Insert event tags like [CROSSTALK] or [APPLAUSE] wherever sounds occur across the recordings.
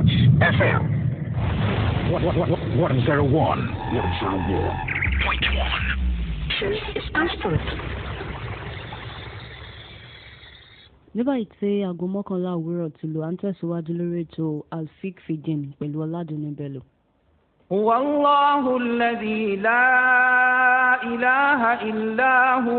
Touch FM. What, what, what, what What is is there a one? one. 101. 101.1. ní báyìí tí aago mọ́kànlá òwúrọ̀ ti lù à ń tẹ̀síwájú lórí ètò alfik fidin pẹ̀lú ọ̀làdúnni bello. wàláhùn lẹ́dí ìlà ìlà ìlà hù.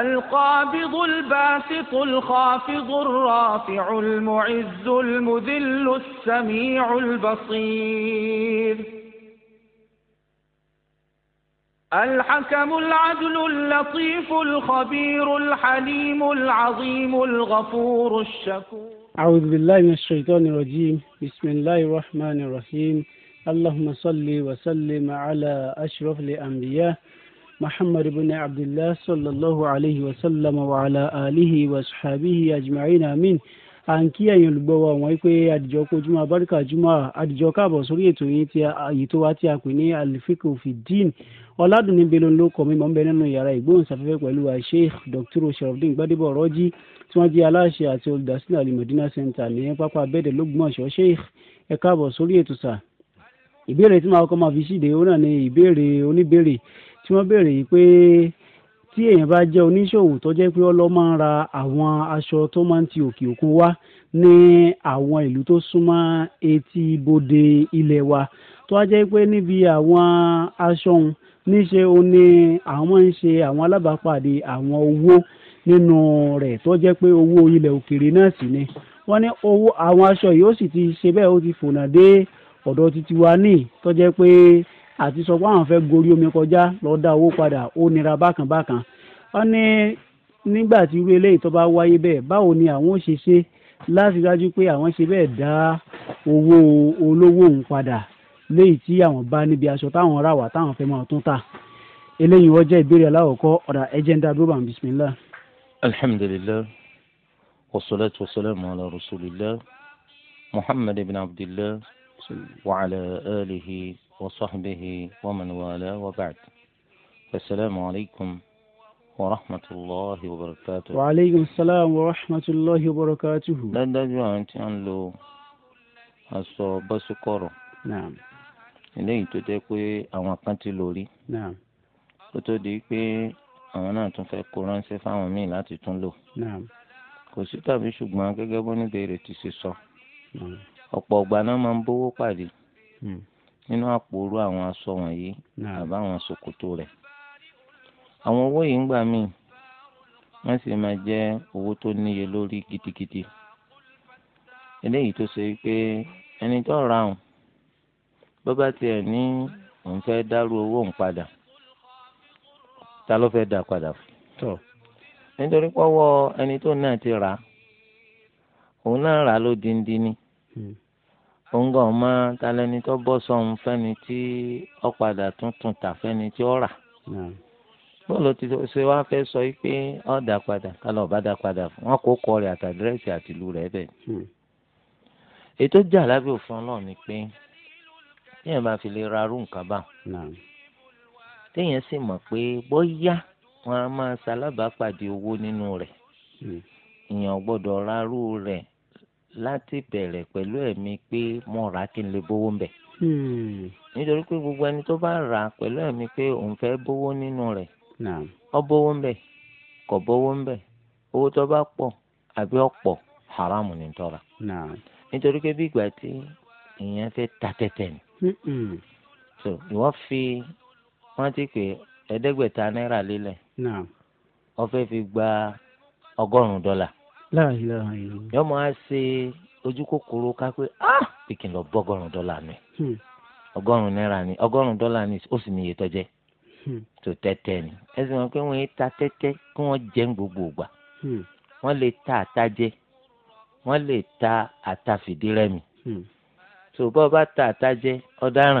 القابض الباسط الخافض الرافع المعز المذل السميع البصير الحكم العدل اللطيف الخبير الحليم العظيم الغفور الشكور أعوذ بالله من الشيطان الرجيم بسم الله الرحمن الرحيم اللهم صل وسلم على أشرف الأنبياء محمد بن عبد الله صلى الله عليه وسلم وعلى آله وصحبه أجمعين آمين à ń kí ẹ̀yin olùgbọ́ wa wọ́n pé àdìjọ kojúmọ́ abáríkà jùmọ́ àdìjọ káàbọ̀ sórí ètò yìí tí àyè tó wá tí a pè ní alifik ofidin ọ̀làdùnní belo ló kọ́ mímọ́ ń bẹ nínú yàrá ìgbóhùnsáfẹ́fẹ́ pẹ̀lú Sheikh Dr. sharafdin gbadebo rọ́jí tí wọ́n jẹ́ aláṣẹ àti olùdásílẹ̀ alimọ̀dínà center ní pápá abẹ́ẹ̀dẹ̀ lọ́gbọ̀nsọ̀ Sheikh tí wọ́n béèrè yìí pé tí èèyàn bá jẹ́ oníṣòwò tó jẹ́ pé ọlọ́ máa ń ra àwọn aṣọ tó máa ń ti òkè òkun wá ní àwọn ìlú tó súnmọ́ etí bodè ilẹ̀ wa tó wá jẹ́ pé níbi àwọn aṣọ òun níṣe ó ní àwọn ń ṣe àwọn alábàápàdé àwọn owó nínú rẹ̀ tó jẹ́ pé owó ilẹ̀ òkèèrè náà sì ni wọ́n ní owó àwọn aṣọ yìí ó sì ti ṣe bẹ́ẹ̀ ó ti fònà dé ọ̀dọ̀ titi wa ní tó jẹ́ pé àti sọ pé àwọn fẹ́ gorí omi kọjá lọ́ọ́ dá owó padà ó nira bákan bákan wọ́n ní nígbà tí irú eléyìí tó bá wáyé bẹ́ẹ̀ báwo ni àwọn ò ṣe ṣe láti dájú pé àwọn ṣe bẹ́ẹ̀ dá owó olówó òun padà léyìí tí àwọn bá níbi aṣọ táwọn rà wá táwọn fẹ́ máa tún tà eléyìí wọ́n jẹ́ ìbéèrè aláwọ̀kọ́ ọ̀dà ẹ̀jẹ̀ndà dúró bisimilá. alhamdulilayi wasalaatu wasalaamu ala rasulillah muhammad ibn abdillah wa ala alihi وصحبه ومن والاه وبعد السلام عليكم ورحمة الله وبركاته وعليكم السلام ورحمة الله وبركاته dájú àwọn tí wọ́n lo aṣọ bọ́sùkọ̀rọ̀ eléyìí tó jẹ́ pé àwọn kan ti lò rí kó tó di pé àwọn náà tún fẹ́ kó ránṣẹ́ fáwọn míì láti tún lò kò sí tàbí ṣùgbọ́n gẹ́gẹ́ bó ní bèrè ti ṣe sọ ọ̀pọ̀ ọ̀gbà náà máa ń bówó pàdé nínú àpòrú àwọn aṣọ wọ̀nyí àbá àwọn ṣòkòtò rẹ̀ àwọn owó yìí ń gbà míì wọ́n sì máa jẹ́ owó tó níye lórí gidigidi eléyìí tó ṣe pé ẹni tó ra òun bó bá tiẹ̀ ní òun fẹ́ dárú owó òun padà ta ló fẹ́ dá padà fún nítorí pọ́wọ́ ẹni tó náà ti rà òun náà rà ló díndín ní hmm. òǹgọ̀ ọmọ talẹ́ni tó bọ́ sọ̀hún fẹ́ni tí ó padà tuntun tà fẹ́ni tí ó rà. bọ́ọ̀lù o ṣe wá fẹ́ sọ yìí pé dapada dà padà kálọ̀ dà padà fún wọn kò kọ rẹ̀ àtàdírẹ́sì àtìlú rẹ̀ bẹ̀. Hmm. ètò jà lábẹ́ òfin ni pé téèyàn bá fi lè nǹkan bá téèyàn sì mọ̀ pé bóyá wọn a máa ṣalábàápàdé owó nínú rẹ̀ hmm. gbọ́dọ̀ láti bẹ̀rẹ̀ pẹ̀lú ẹ̀mí pé mo rà kí n lè bówó ń bẹ̀. Hmm. nítorí pé gbogbo ẹni tó bá rà pẹ̀lú ẹ̀mí pé òun fẹ́ bówó nínú rẹ̀ ọ bówó ń bẹ̀ kò bówó owó tó bá pọ̀ àbí ọ̀pọ̀ haramu ni tọ́ra. nítorí pé bí ìgbà tí fẹ́ ta ni. so ìwọ yọ máa ṣe ojú kòkòrò ká pé pikin ah! lọ bọ́ ọgọ́rùn-ún dọ́là mi hmm. ọgọ́rùn-ún náírà ni ọgọ́rùn-ún dọ́là ni ó sì ní iye tọ́jẹ́ tó hmm. tẹ́tẹ́ ni ẹ sì mọ̀ pé wọ́n yé ta tẹ́tẹ́ kí wọ́n jẹ́ gbogbo ìgbà hmm. wọ́n lè ta àtajẹ́ wọ́n lè ta àtàfìdírẹ́mi tó bọ́ bá ta àtajẹ́ ọ̀daràn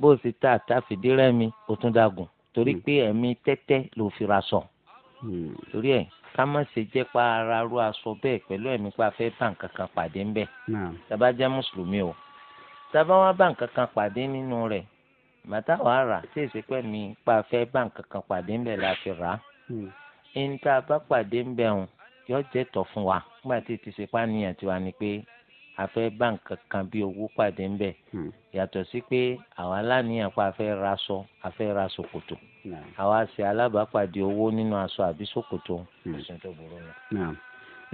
bó o sì ta àtàfìdírẹ́mi ó tún dàgùn torí pé ẹ̀mí tẹ́tẹ́ ló fi ra sọ torí ẹ̀ ká má pa ara ru aṣọ bẹ́ẹ̀ pẹ̀lú ẹ̀mí pa fẹ́ bá nǹkan kan pàdé ń bẹ̀ tàbá jẹ́ mùsùlùmí o tàbá wá bá nǹkan kan pàdé nínú rẹ̀ màtá wàá rà mi pa fẹ́ bá nǹkan kan pàdé ń bẹ̀ la fi rà á hmm. ẹni bá pàdé ń bẹ̀ hùn yóò jẹ́ tọ̀ fún wa ni pé a fẹ́ bá nǹkan kan bí owó pàdé ńbẹ hmm. yàtọ̀ sí pé àwa láníyàn pa a fẹ́ raṣọ a fẹ́ ra ṣòkòtò hmm. àwa ṣe alábàápàdé owó nínú aṣọ àbí ṣòkòtò ẹ̀sìn hmm. tó burú náà.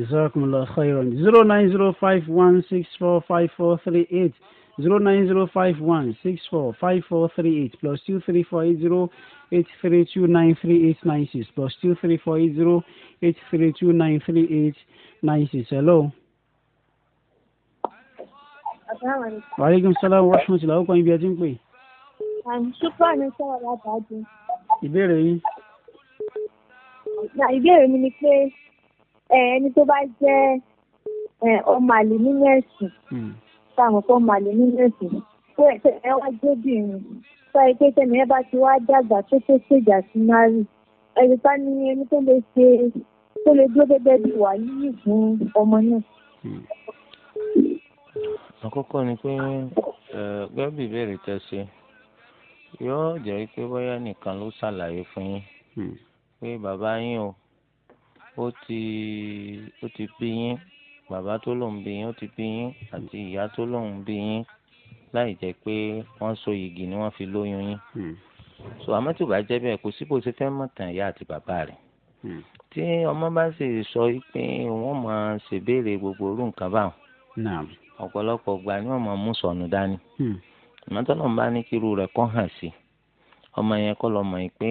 zero nine zero five one six four five four three eight zero nine zero five one six four five four three eight plus two three four eight zero eight three two nine three eight nine six plus two three four eight zero eight three two nine three eight nine six hello asalaamualeykum. waaleykum salaam wa rahmatulah ó kọ́ ibi ẹ ti ń pè. ṣùkọ́ ni sọ̀rọ̀ látàájú. ìbéèrè yín. ìbéèrè mi ni pé ẹni tó bá jẹ́ ọmọ àlè nínú ẹ̀sìn hmm. táwọn kan ọmọ àlè nínú ẹ̀sìn pé ẹ wá jóbìnrin sáré pé tẹ̀mí ẹ bá ti wá dàgbà tó tó ṣèjà sí mari ẹ̀rù ká ní ẹni tó lè ṣe tó lè dúró gẹ́gẹ́ bí wàá yíyí fún ọmọ náà. Hmm àkọ́kọ́ ni pé gẹ́gẹ́ bí ìbéèrè tẹ́ ṣe yóò jẹ́ pé bóyá nìkan ló ṣàlàyé fún yín hmm. pé bàbá yín o ó ti ó ti bí yín bàbá tó lòun bí yín ó ti bí yín àti ìyá tó lòun bí yín láì jẹ́ pé wọ́n so igi ni wọ́n fi lóyún yín hmm. so àmọ́ tí ò bá jẹ́ bẹ́ẹ̀ kò sí bó ṣe fẹ́ mọ̀ tàn ìyá àti bàbá rẹ̀ hmm. tí ọmọ bá sì sọ pé wọ́n máa ṣèbéèrè gbogbo orú nǹkan báwọn ọ̀pọ̀lọpọ̀ ìgbà ni wọ́n máa mú sọnù dání hmm. mọtọlọ ń bá ní kírú rẹ̀ kọ hàn sí ọmọ yẹn kọ lọ mọ yìí pé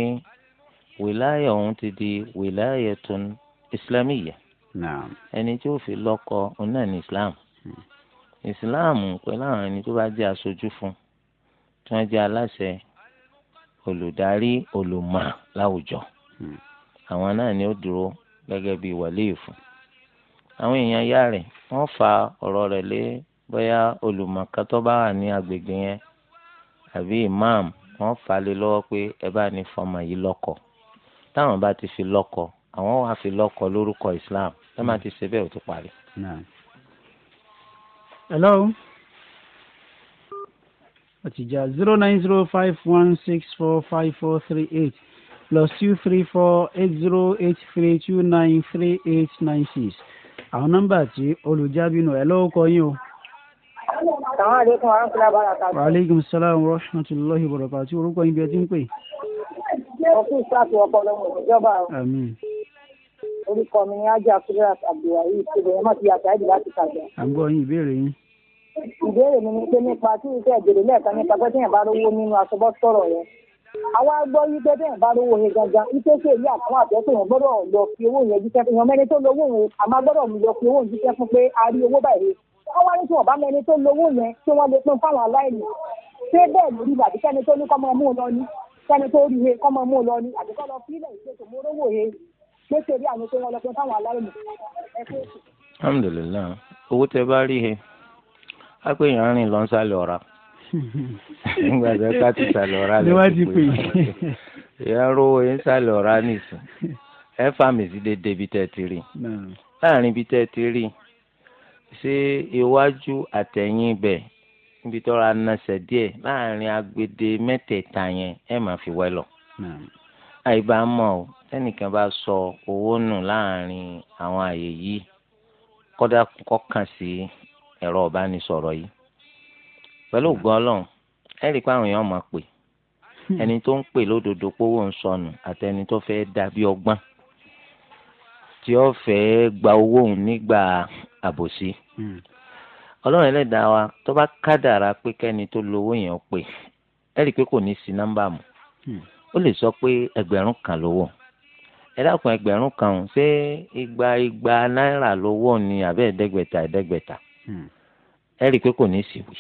wìláyà òun ti di wìláyà tó islamiyà ẹni tí ó fi lọ́kọ òun náà ní islam hmm. islam pẹ̀lú àwọn ẹni tó bá jẹ́ aṣojú fún tí wọ́n jẹ́ aláṣẹ olùdarí olùmọ̀ láwùjọ hmm. àwọn náà ni ó dúró gẹ́gẹ́ bíi wàlíì fún un. àwọn èèyàn ya rẹ̀ wọ́n fa ọ̀rọ̀ rẹ̀ lé bóyá olùmọ̀ọ́ká tó bá wà ní agbègbè yẹn àbí imam wọ́n fà á lé lọ́wọ́ pé ẹ bá ní fọmọ yìí lọ́kọ táwọn bá ti fi lọ́kọ àwọn wàá fi lọ́kọ lórúkọ Islam ẹ má hmm. ti ṣe bẹ́ẹ̀ ó ti parí. hello àtijọ́ zero nine zero five one six four five four three eight plus two three four eight zero eight three two nine three eight nine six àwọn nọ́mbà tí olùjábínú ẹ lọ́wọ́ kọ yín o. wa aleykum salaam wa rahmatulahi wa barakatuh orúkọ yín bí ẹ ti ń pè. ọkùnrin sáàtì ọpọlọ mọ ìjọba o. àmín. orúkọ mi ni ajá kúrẹ́rà abdulwahi ìṣègùn ẹ̀ má ti yàtọ̀ àìdí láti kàgbà. à ń gbọ́ yín ìbéèrè yín. ìbéèrè mi ni pé nípa tí iṣẹ́ ìbéèrè lẹ́ẹ̀kan nípa pé téèyàn bá rówó nínú aṣọ bọ́ sọ̀rọ̀ yẹn àwọn agbọ́ yí pé bẹ́ẹ̀ bá lówó yẹn gangan ipe ṣe èyí àtàwọn àtẹ́tò yẹn gbọ́dọ̀ lọ fi owó yẹn jíṣẹ́ fún yẹn mẹ́ni tó lówó yẹn àmọ́ gbọ́dọ̀ lọ fi owó yẹn jíṣẹ́ fún pé a rí owó báyìí wọ́n wá ní tí wọ́n bá mẹ́ni tó lówó yẹn tí wọ́n lè pín fáwọn aláìní ṣé bẹ́ẹ̀ lórí kẹ́ni tó ní kọ́ máa mú un lọ ní kẹ́ni tó rí he kọ́ máa mú nígbà tó ká ti sàlẹ̀ ọ̀rá lẹ̀ ti pè é ẹ rówó yín sàlẹ̀ ọ̀rá nìsín ẹ fà mí sí dédé bí tẹ́ ti rí láàrin bí tẹ́ ti rí ṣé iwájú àtẹ̀yìn ibẹ̀ níbi tọ́ra nasẹ̀ díẹ̀ láàrin agbede mẹ́tẹ̀ẹ̀ta yẹn ẹ máa fi wẹ́ lọ àyíbá mọ̀ ọ́ tẹ́nìkan bá sọ owó nù láàrin àwọn àyè yìí kọ́dà kọ́kàn sí ẹ̀rọ ìbánisọ̀rọ̀ yìí pẹ̀lú ògbọ́n ọlọ́run ẹ rí i pé àwọn èèyàn máa pè hmm. ẹni tó ń pè lódodo pówó ń sọnù àti ẹni tó fẹ́ dàbí ọgbọ́n tí ó fẹ́ gba owó òun nígbà àbòsí hmm. ọlọ́run ẹlẹ́dàá wa tó bá kádàrá pé kẹ́ni tó lówó yẹn pè ẹ rí i pé kò ní sí nọ́mbà mu hmm. ó lè sọ pé ẹgbẹ̀rún kan lówó ẹ dákun ẹgbẹ̀rún kan ọ̀hún ṣé igba igba náírà lówó ni àbẹ́ ẹ̀ẹ́dẹ́gbẹ̀ta ẹ rí i pé kò ní sí wí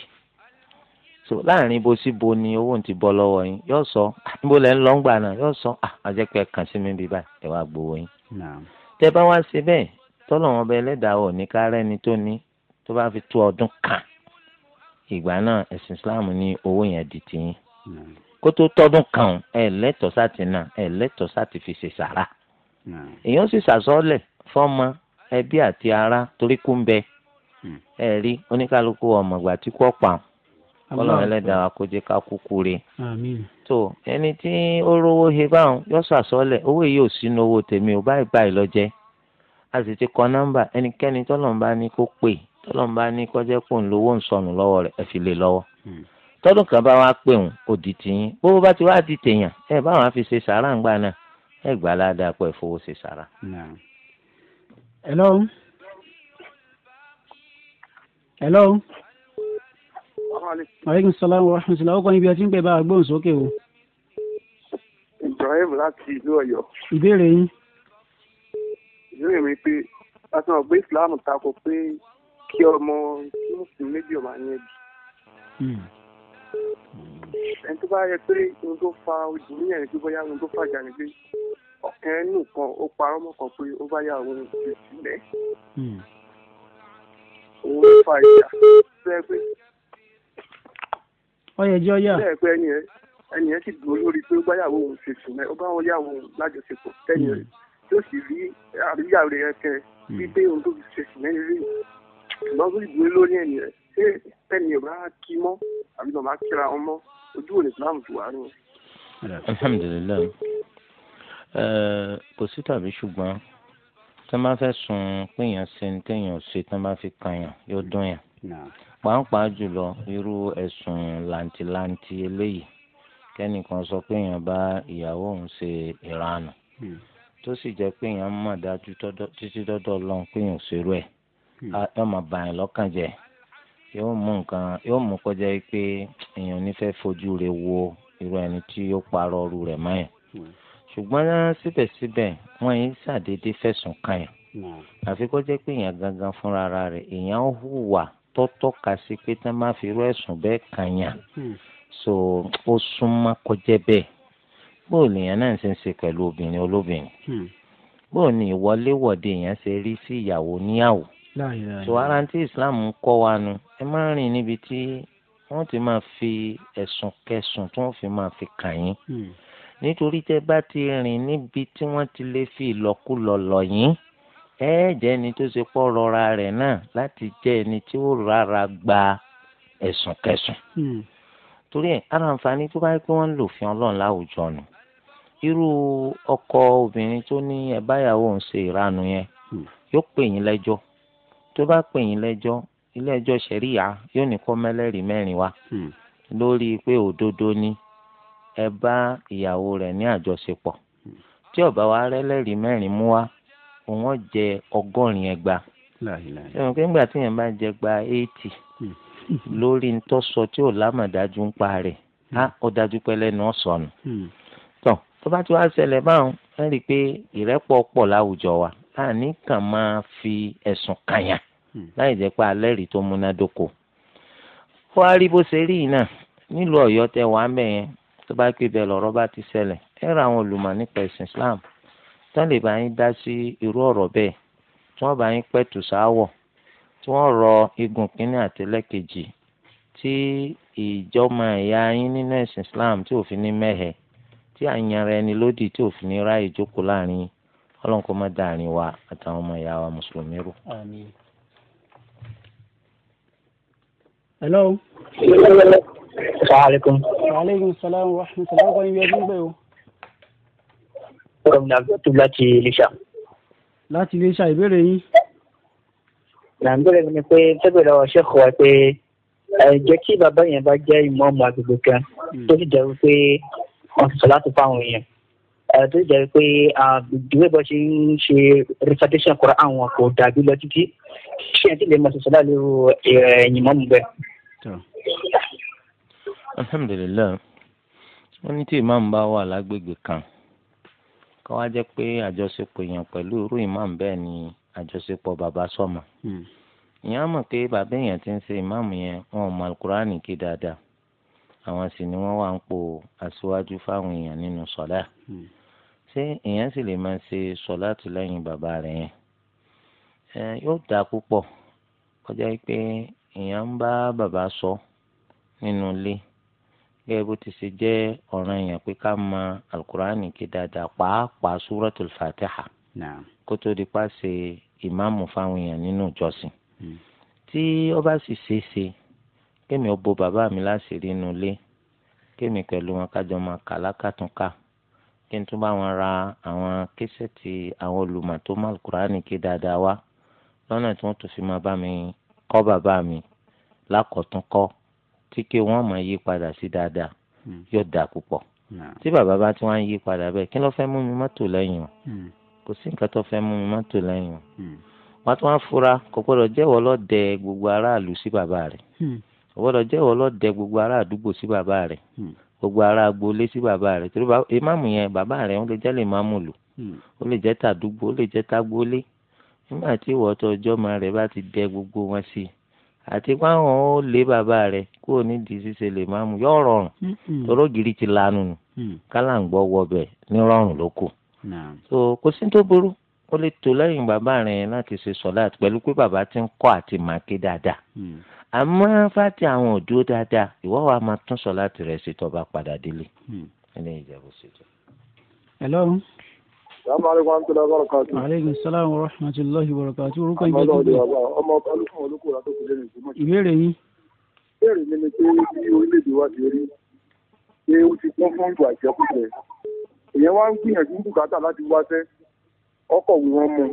so láàrin bó sí bo ni owó ti bọ́ lọ́wọ́ yín yóò sọ ah, níbo lẹ́ ń lọ ń gbà náà yóò sọ àjẹpẹ́ ah, kàn sí mi bíbá ẹ wá gbowó yín. tẹ bá wá sí bẹ́ẹ̀ tọ́lọ̀ wọn bẹ ẹlẹ́dàá ò ní ká rẹ́ni tó ní tó bá fi tó ọdún kan ìgbà náà ẹ̀sìn Islam ní owó yẹn di tiyín kó tó tọ́dún kan ẹ lẹ́tọ̀ọ́ sáti náà ẹ lẹ́tọ̀ọ́ sáti fi ṣe sàrà èèyàn sì sàsọ́ọ̀lẹ̀ fọ́mọ ẹbí àti ará torí kú ń bẹ hmm. ẹ rí oníkálukú ọmọ ìgbà tí kò pa kọ́lọ̀ ẹlẹ́dàá kó jẹ́ ká kúkú rè. tó ẹni tí ó rówó he báwọn yóò sàsọ́lẹ̀ owó yìí ò sínú owó tèmi ò báyìí báyìí a sì ti kọ ní kó pè ní pò ń lówó ń hmm. bá wàá pè òdì tìyín bá ti wá di tèèyàn ẹ báwọn á fi ṣe sàrà ńgbà náà ẹ gbà ládàá pọ ìfowó ṣe sàrà. aleykum salaam wa rahmatulah ọkọ ibi ọtí ń pè bá a gbóhùn sókè o. ibrahim láti ìlú Ọ̀yọ́. ìbéèrè yín. ìbéèrè mi pé láti mọ̀ pé islam tako pé kí ọmọ kí mùsùlùmí méjì ọ̀ma ní ẹbí. Hmm. ẹni tó bá yẹ pé ohun tó fa ojú ní ẹ̀rí pé bóyá ohun tó fàjà ni pé ọ̀kan ẹnu kan ó parọ́ mọ́ kan pé ó bá yà òun ti sílẹ̀. òun hmm. ló fa ìjà tó yẹ pé ọyẹjọ yà. bẹ́ẹ̀ pé ẹni yẹn ẹni yẹn sì dúró lórí pé ó bá yàwó òun ṣe sùn ó bá wọn yàwó òun lájọṣepọ̀ tẹ́ni rẹ̀ yóò sì rí àríyá rẹ̀ yẹn kẹ hmm. bí pé òun tó fi ṣe sùn lẹ́yìn rí ṣùgbọ́n sì dúró lórí ẹni rẹ̀ ṣé tẹ́ni ò bá kí mọ́ àbí lọ́ọ́ kíra wọn mọ́ ojú òní islam ti wà ní. alhamdulilayi kò sí tàbí ṣùgbọ́n tí wọ́n bá fẹ́ sun péyàn ṣe ní téèyàn ṣe tí wọ́n bá fi kan yàn yóò dún yàn pàápàá jùlọ irú ẹ̀sùn làǹtìlanti eléyìí kẹ́nìkan sọ pé èèyàn bá ìyàwó òun ṣe ìranù tó sì jẹ́ pé èèyàn mọ̀ dájú títí dọ́dọ̀ ọlọ́run pé èèyàn ò ṣerú ẹ̀ yóò máa bà yín lọ́kàn jẹ́ yóò mú nǹkan yóò mú kọjá yìí pé èèyàn nífẹ̀ẹ́ fojú rẹ̀ wo irú ẹni tí yóò parọ́ ọrú rẹ̀ mọ́ yẹn ṣùgbọ́n síbẹ̀síbẹ̀ wọ́n yìí ṣàdédé fẹ̀sùn kàn yẹn hmm. àfi jẹ́ pé èèyàn gangan fúnra rẹ̀ èèyàn hùwà tó tọ́ka sí pé tá má fi irú ẹ̀sùn bẹ́ẹ̀ kàn hmm. so ó súnmọ́ kọjá bẹ́ẹ̀ bóò lèèyàn náà ṣe ń ṣe pẹ̀lú obìnrin olóbìnrin hmm. bóò ní ìwọléwọ̀de èèyàn ṣe rí sí ìyàwó níyàwó so ara tí Islam ń kọ́ wa nu ẹ má rìn níbi tí wọ́n ti máa fi ẹ̀sùn kẹsùn tí wọ́n fi máa fi kàn yín hmm. nítorí tẹ́ bá ti rìn níbi tí wọ́n ti lè fi ìlọ́kulọ̀ lọ̀ yín. Hmm ẹ jẹ́ ẹni tó ṣe pọ̀ rọra rẹ̀ náà láti jẹ́ ẹni tí ó rárá gba ẹ̀sùn kẹsùn. Hmm. torí ẹ̀ ara àǹfààní tó bá yẹ pé wọ́n ń lò fi ọlọ́run láwùjọ nù irú ọkọ obìnrin tó ní ẹ̀báyàwó ń ṣe ìranu yẹn hmm. yóò pè yín lẹ́jọ́ tó bá pè yín lẹ́jọ́ ilé ẹjọ́ ṣẹ̀ríyà yóò ní kó mẹ́lẹ́rìí mẹ́rin wá hmm. lórí pé òdodo ni ẹ bá ìyàwó rẹ̀ ní àjọṣepọ̀ tí ó bá wa rẹ́lẹ́rìí mẹ́rin mú wá wọn jẹ ọgọrin ẹgba ẹnu pé nígbà tí yẹn bá jẹ gba eighty hmm. [LAUGHS] lórí ntọ́sọ tí ò lámàdájú ń pa rẹ̀ hmm. á ó dájú pé lẹ́nu ọ̀sọ̀nù hmm. tó tó bá ti wá ṣẹlẹ̀ báwọn ẹ rí i pé ìrẹ́pọ̀ pọ̀ láwùjọ wa a ní kàn máa fi ẹ̀sùn kàyà láì jẹ́ pé alẹ́rìí tó múnádóko tán lè bá yín dá sí irú ọ̀rọ̀ bẹ́ẹ̀ tí wọ́n bá yín pẹ̀tù sáwọ̀ tí wọ́n rọ igun kínní àti lẹ́kejì tí ìjọmọ ẹ̀yà yín nínú ẹ̀sìn Islam tí òfin ní mẹ́hẹ̀ tí àyànra ẹni lódì tí òfin ní ráàyè jókòó láàrin ọlọ́run kó àtàwọn ọmọ ìyá wa mùsùlùmí rò. hello. salaamaleykum. salaam wa rahmatulah. ọkọ ọ̀rọ̀ mi àgbẹ̀ tó láti iléṣà. láti iléṣà ìbéèrè yín. là ń bẹ̀rẹ̀ ni pé fẹ́bẹ̀ lọ ṣẹ́kọ̀ wa pé ẹ̀jẹ̀ kí bàbá yẹn bá jẹ́ ìmọ̀ọ́mù agbègbè kan hmm. tó sì jẹ́ pé wọ́n ti sọ láti fáwọn èèyàn tó sì jẹ́ pé ìwé bọ́ ṣe ń ṣe recitation kọ́ra àwọn kò dàbí lọ títí ṣé ẹ̀ ti lè mọ̀ sọ̀sọ̀ láàlú ìmọ̀ọ́mù bẹ́ẹ̀. alhamdulilayi wọn ní tí ìmáàmù bá wà lágbègbè kan kọ́ wá jẹ́ pé àjọṣepọ̀ èèyàn pẹ̀lú irú ìmáàmù bẹ́ẹ̀ ni àjọṣepọ̀ bàbá sọ̀mọ̀ hmm. ìyẹn á mọ̀ pé bàbá èèyàn ti ń ṣe ìmáàmù yẹn wọn ò mọ alukurani kí dáadáa àwọn sì ni wọ́n wà ń po aṣíwájú fáwọn èèyàn nínú sọ̀lá hmm. ṣé èèyàn sì lè máa ṣe sọ̀lá tó lẹ́yìn bàbá rẹ̀ yẹn yóò dáa púpọ̀ kọjá pé èèyàn ń bá bàbá sọ nínú ilé gẹ́gẹ́ bó ti ṣe jẹ́ ọ̀ràn èèyàn pé ká mọ alukur'ani kí dáadáa pàápàá suratul fatiha kó tó di pa ṣe ìmáàmù fáwọn èèyàn nínú ìjọsìn hmm. tí ó bá sì ṣe é ṣe kémi ó bo bàbá mi láṣìírí inú ilé kémi pẹ̀lú wọn kájọ máa kà lákàtúnkà kí n tún bá wọn ra àwọn késẹ́tì àwọn olùmọ̀ tó mọ alukur'ani kí dáadáa wá lọ́nà tí wọ́n tún fi máa bá mi kọ́ bàbá mi lákọ̀tún kọ́ tí kí wọ́n máa yí padà sí dáadáa hmm. yóò dáa púpọ̀ tí bàbá bá tí wọ́n yí padà bẹ́ẹ̀ kí ló fẹ́ mú mi mọ́tò lẹ́yìn o hmm. kò sí nǹkan tó fẹ́ mú mi mọ́tò lẹ́yìn o hmm. wọ́n tún wá fura kò gbọ́dọ̀ jẹ́wọ́ lọ́dẹ gbogbo aráàlú sí bàbá rẹ̀ kò gbọ́dọ̀ jẹ́wọ́ lọ́dẹ gbogbo ará àdúgbò sí bàbá rẹ̀ gbogbo ará agboolé sí bàbá rẹ̀ torí ìmáàmù yẹn bàbá rẹ̀ ó lè jẹ́ lè máàmù lò ó lè jẹ́ tàdúgbò ó lè jẹ́ tàgboolé nígbà tí ìwọ́tọ̀ ọjọ́ máa rẹ̀ bá ti dẹ gbogbo wọn sí i àti káwọn ó lé bàbá rẹ̀ kúrò nídìí ṣíṣe lè máa mú yọ rọrùn toró gírí ti lanu nù mm. kálàǹgbọ wọbẹ ní ló kù. so kò sí tó burú ó lè tó lẹ́yìn bàbá rẹ̀ láti ṣe sọ̀láàtì pẹ̀lú pé bàbá ti ń kọ́ àti màkì dáadáa mm. àmọ́ fáti àwọn òdó dáadáa ìwọ́ wa máa tún sọ̀láàtì rẹ̀ ṣe tó bá padà délé. Mm. ẹ lọ́run aleykum salaam wa rahmatulahi wa barakatuh orúkọ ìgbà tó gbé. ọmọ ọba olùkọ́ olùkọ́ ra tó kù lẹ́nu ìgbìmọ̀. ìbéèrè yín. ìbéèrè mi ni pé bí orílẹ̀-èdè wa ti rí pé ó ti kún fún ìwà ìjẹkújẹ èèyàn wá ń gbìyànjú ń bùkátà láti wáṣẹ́ ọkọ̀ wù wọ́n mu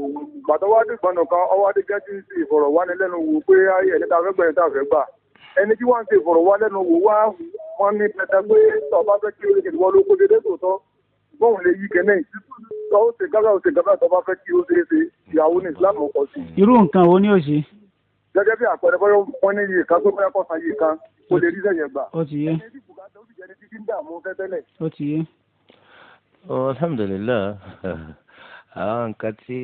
gbàtọ́ wá dé gbọ́nà kan ọwọ́ adé gẹ́tì ń ṣe ìfọ̀rọ̀wánilẹ́nuwò pé ayé ẹ̀dẹ́ta fẹ́ gbẹ̀yìn tá a fẹ́ gbà ẹni tí wọ́n ń ṣe ìfọ̀rọ̀wánilẹ́nuwò wá wọ́n ní pẹ̀tẹ́ pé tọ́ba fẹ́ kí oríkèdè wọ́n ló kó dédé tòótọ́ bóun lè yí kẹ́nẹ́ ó ṣe gábà ó ṣe gábà tó bá fẹ́ kí ó ṣeé ṣe ìyàwó ní islam kọ sí. irú nǹkan wo ni ó ṣe. gẹ́gẹ́ bí àpẹẹrẹ bọ́yọ̀ wọ́n ní iye kan tó bọ́yọ̀ kọ́ san iye kan kó lè rí sẹ̀yẹ̀ gbà. ó ti yé. ó ti yé. alhamdulilayi àwọn nǹkan tí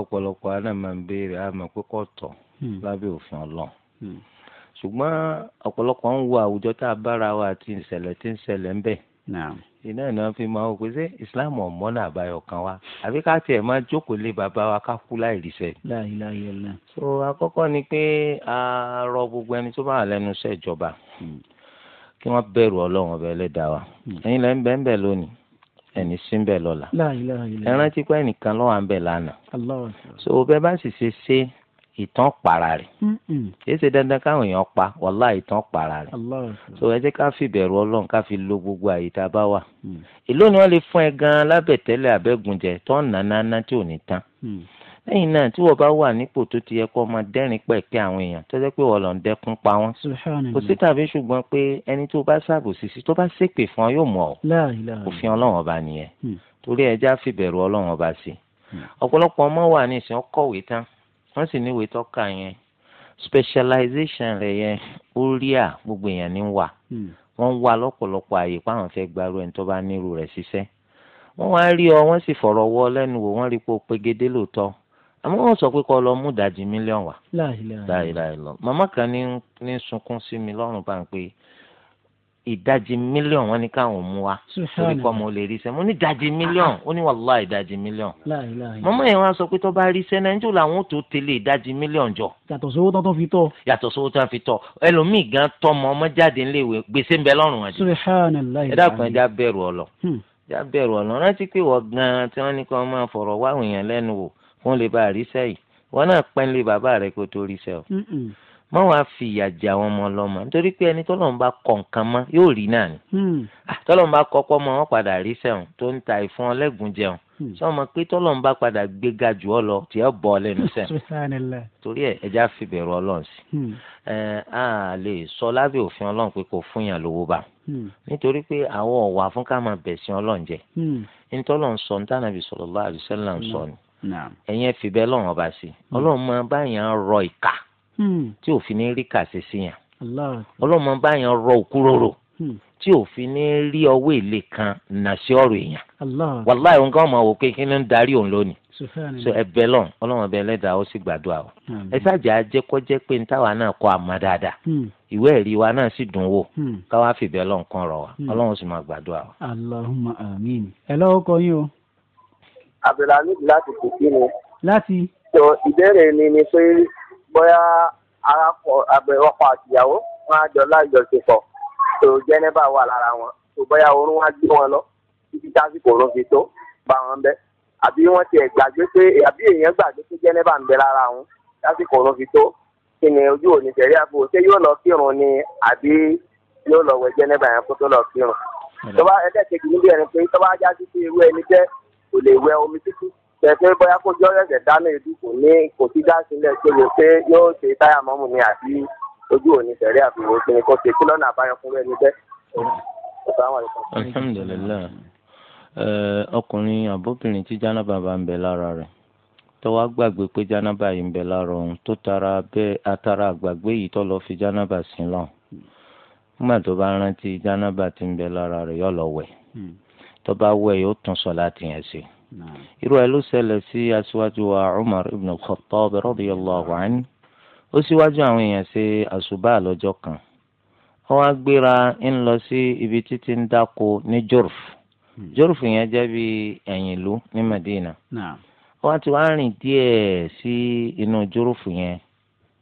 ọ̀pọ̀lọpọ̀ àná máa ń béèrè àmọ́ pé kò tọ́ hmm. lábẹ́ òfin ọlọ́run hmm. ṣùgbọ́n ọ̀pọ̀lọpọ̀ ń wo àwùjọ tá a bára wa àti ìṣẹ̀lẹ̀ tí ń ṣẹlẹ̀ ń bẹ́ẹ̀ iná iná fi máa wò pé ṣé islam ọ̀mọ́nà àbáyọ kan wa àbí ká tiẹ̀ máa jókòó lé bàbá wa ká kú láì ríṣẹ́. so àkọ́kọ́ ni pé a rọ gbogbo ẹni tó bá wà lẹ́nu iṣẹ́ ìjọba hmm. kí wọ́n bẹ̀rù ọlọ́run ọbẹ̀ ẹlẹ́dàá wa hmm. ẹ̀yin lẹ́ ń bẹ́ẹ̀ bẹ́ẹ̀ lónìí ẹni sínbẹ̀ lọ́la ẹran tí pé ẹnìkan lọ́wọ́ à ń bẹ̀ lánàá so bẹ́ẹ̀ bá sì ṣe ṣe ìtàn para rẹ̀ kì í ṣe dandan káwọn èèyàn pa wàhálà ìtàn para rẹ̀ so ẹ jẹ́ ká fi bẹ̀rù ọlọ́run ká fi lo gbogbo àyè tá a bá wà mm. èló ni wọ́n lè fún ẹ gan-an lábẹ̀tẹ́lẹ̀ àbẹ́gùnjẹ tó ń nànáná tí ò ní tán mm. lẹ́yìn náà tí wọ́n bá wà nípò tó ti yẹ kó máa dẹ́rìn pẹ̀kẹ́ àwọn èèyàn tó jẹ́ pé wọ́n lọ ń dẹ́kun pa wọ́n kò sí tàbí ṣùgbọ́n pé ẹni tó bá ṣàbòsí sí tó bá ṣépè fún ọ yóò mọ̀ ọ́ òfin ọlọ́run ọba nìyẹn mm. torí ẹja fìbẹ̀rù ọlọ́run ọba sí ọ̀pọ̀lọpọ̀ ọmọ wà ní ìsìn ọkọ̀wé tán wọ́n sì níwèé tọ́ka yẹn specialization rẹ̀ yẹn ó rí à gbogbo èèyàn ní wà hmm. wọ́n ń wá lọ́pọ̀lọpọ̀ àyè páwọn fẹ́ gbaru ẹni tó bá nírú rẹ̀ ṣiṣẹ́ wọ́n wá rí ọ wọ́n sì fọ̀rọ̀ wọ lẹ́nu wò wọ́n rí pé o pegedé lóòótọ́ àmọ́ wọ́n sọ pé kó lọ mú ìdajì mílíọ̀n wá láìláìlọ màmá kan ní sunkún sí mi lọ́rùn bá ń pè é ìdajì mílíọ̀n wọn ni káwọn mú wa torí kọ́ mo lè rí sẹ́ mo ní ìdajì ah, ah. mílíọ̀n ó ní wàhálà ìdajì mílíọ̀n mọ́mọ́ yẹn wá sọ pé tó bá rí sẹ́ náà níjọ́ làwọn ò tó tẹ̀lé ìdajì mílíọ̀n jọ. yàtọ̀ sówó tán tó fi tọ̀. yàtọ̀ sówó tán fi tọ̀ ẹlòmíì gan tọmọ ọmọ jáde nílé ìwé gbèsè ń bẹ lọ́rùn wọn. ẹ dákun ẹ já bẹ̀rù ọ̀lọ̀ hmm. já bẹ̀rù ọ̀lọ̀ rántí pé wọ́n gan tí wọ́n ní kí wọ́n máa fọ̀rọ̀ wáwìn yẹn lẹ́nu wò fún lè bá àrísẹ́ yìí wọ́n náà pẹ́ńlé bàbá mọ wàá fi ìyà jẹ àwọn ọmọ ọlọ́mọ nítorí pé ẹni tọ́lọ́run bá kọ nǹkan mọ́ yóò rí náà ni hmm. ah, tọ́lọ́run bá kọ́kọ́ mọ́ wọn padà rí sẹ́wọ̀n tó ń ta ìfún ọlẹ́gùn jẹun sọ hmm. ma pé tọ́lọ́run bá padà gbéga jù ọ lọ tí ẹ bọ́ lẹ́nu sẹ́wọ̀n torí ẹ ẹja fi bẹ̀rù ọlọ́run sí hmm. ẹ á lè sọ lábẹ́ òfin ọlọ́run pé kò fún yàn lówó bá nítorí pé àwọn ọ̀wà fún ká máa bẹ̀sìn ọlọ́run jẹ ntọ́lọ́run sọ ntánàbì sallallahu alaihi wasallam sọ ni ẹ̀yin fi bẹ́ẹ̀ lọ́run ọba sí ọlọ́run máa báyàn rọ ìkà Hmm. tí òfin ní rí kàṣe sí yàn ọlọ́mọ báyàn rọ òkúròrò hmm. tí òfin ní rí ọwọ́ èlé kan nà sí ọ̀rọ̀ èèyàn wàláì òun kàn máa wò pé kí ni ń darí òun lónìí so ẹbẹ lọ ọlọ́run ọbẹ ẹlẹ́dàá ó sì gbàdúrà o ẹ ṣáàjà jẹkọjẹ pé ní táwa náà kọ àmọ́ dáadáa hmm. ìwé ẹ̀rí wa náà sì dùn wò káwá fìbẹ lọ nǹkan rọ wa ọlọ́run sì máa gbàdúrà o. Allahumma amin. ẹ lọ́wọ́ kọ yín o. abdulhamid láti kìkì ni. láti. sọ ìbéèrè mi ni pé bóyá arákọ ọkọ àtìyàwó wọn á jọ láìjọṣepọ̀ tó jẹnẹbà wà lára wọn tó bóyá oorun wá gbé wọn lọ títí tásìkò oorun fi tó bá wọn bẹ àbí wọn tiẹ̀ gbàgbé pé àbí èèyàn gbàgbé pé jẹnẹbà ń bẹ lára wọn tásìkò oorun fi tó kí ni ojú òní tẹ̀lé àbò ṣé yóò lọ kírun ni àbí yóò lọ wẹ jẹnẹbà yẹn kó tó lọ kírun. tọ́ba ẹlẹ́kẹ̀kì níbi ẹni pé tọ́ba ajá sí irú ẹni jẹ́ kò lè wẹ omi tútù kẹ̀kẹ́ bóyá kó jọ́ rẹ̀kẹ̀ dáná èdè kò ní kò sí dásílẹ̀ tó lè pé yóò ṣe táyà mọ́mù ni àbí ojú òní sẹ̀rí àfihàn òfin kò ṣe kí lọ́nà àbáyọ fún rẹ̀ níbẹ̀. alhamdulilayi ọkùnrin àbóbìnrin tí jánábà bá ń bẹ lára rẹ̀ tó wá gbàgbé pé jánábà yìí ń bẹ lára òun tó tara bẹ́ẹ̀ atara àgbàgbé yìí tó lọ fi jánábà sí lọ nígbà tó bá rántí jánábà ti ń bẹ lára rẹ̀ yóò lọ wẹ̀ hmm. tó bá wẹ̀ yóò tún sọ láti yẹn sí i irú ẹ̀ ló ṣẹlẹ̀ sí aṣíwájú wa Umar ibn al-Khattab radiyallahu anhu ó síwájú àwọn èèyàn ṣe àṣùbà lọ́jọ́ kan ó wá gbéra ń lọ sí ibi títí ń dáko ní Jorf hmm. Jorf yẹn jẹ́ bí ẹ̀yìn ìlú ní Medina ó wá ti wá rìn díẹ̀ sí inú Jorf yẹn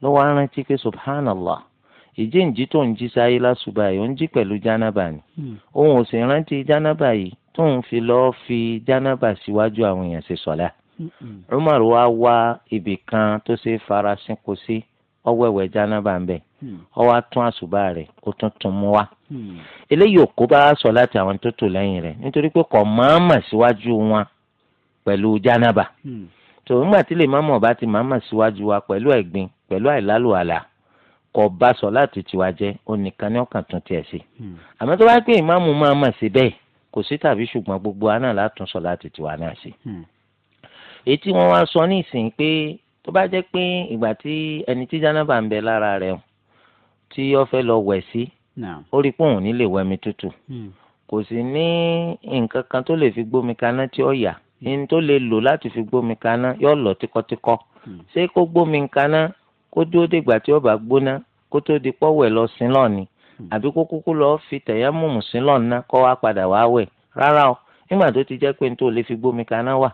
ló wá rántí pé subhanallah ìjíǹjí tó ń jí sáyé lásùbà yìí ó ń jí pẹ̀lú jánábà ni hmm. òun ò sì rántí jánábà yìí tóun fi lọ́ọ́ fi jánábà síwájú àwọn èèyàn ṣe sọ̀lá. Umar wa wá ibì kan tó ṣe farasin kò sí ọwẹ́wẹ́ jánábà ń bẹ̀ ọ mm. wá tún àṣùbà rẹ̀ ó tún tún mú wá. Mm. eléyìí òkú bá sọ láti àwọn tó tò lẹ́yìn rẹ̀ nítorí pé kò máàmà síwájú wọn pẹ̀lú jánábà. Mm. tó nígbà tí lè máàmà ọba ti máàmà síwájú wa pẹ̀lú ẹ̀gbin pẹ̀lú àìlálùwàlà kò bá sọ láti tiwa jẹ́ ó nìkan ní ọkàn tún tiẹ̀ sí. àmọ́ tó bá pé ìmáàmù máa mà sí bẹ́ẹ̀ kò sí tàbí ṣùgbọ́n gbogbo àná látúnṣọ láti tiwa náà sí. Hmm. èyí tí wọ́n wá sọ ní ìsìn pé tó bá jẹ́ pé ìgbà tí ẹni tí jánábà ń bẹ lára rẹ̀ tí ó fẹ́ lọ wẹ̀ sí ó rí pé òun nílè wẹmi tútù hmm. kò sì ní nǹkan kan tó lè fi gbómi kaná tí ó yà ní tó lè lò láti fi gbómi kaná yóò lọ tíkọ́tíkọ́ hmm. ṣé kó gbómi kaná kó dúró dìgbà tí ó bá gbóná kó tó di pọ́wẹ̀ lọ sí lọ́ọ̀ni Hmm. àbí kó kúkú lọ fi tẹ̀yẹ́ mú mùsùlùmí lọ́nà kọ́ wá padà wá wẹ̀ rárá o nígbà tó ti jẹ́ pé n lè fi gbómi kaná wà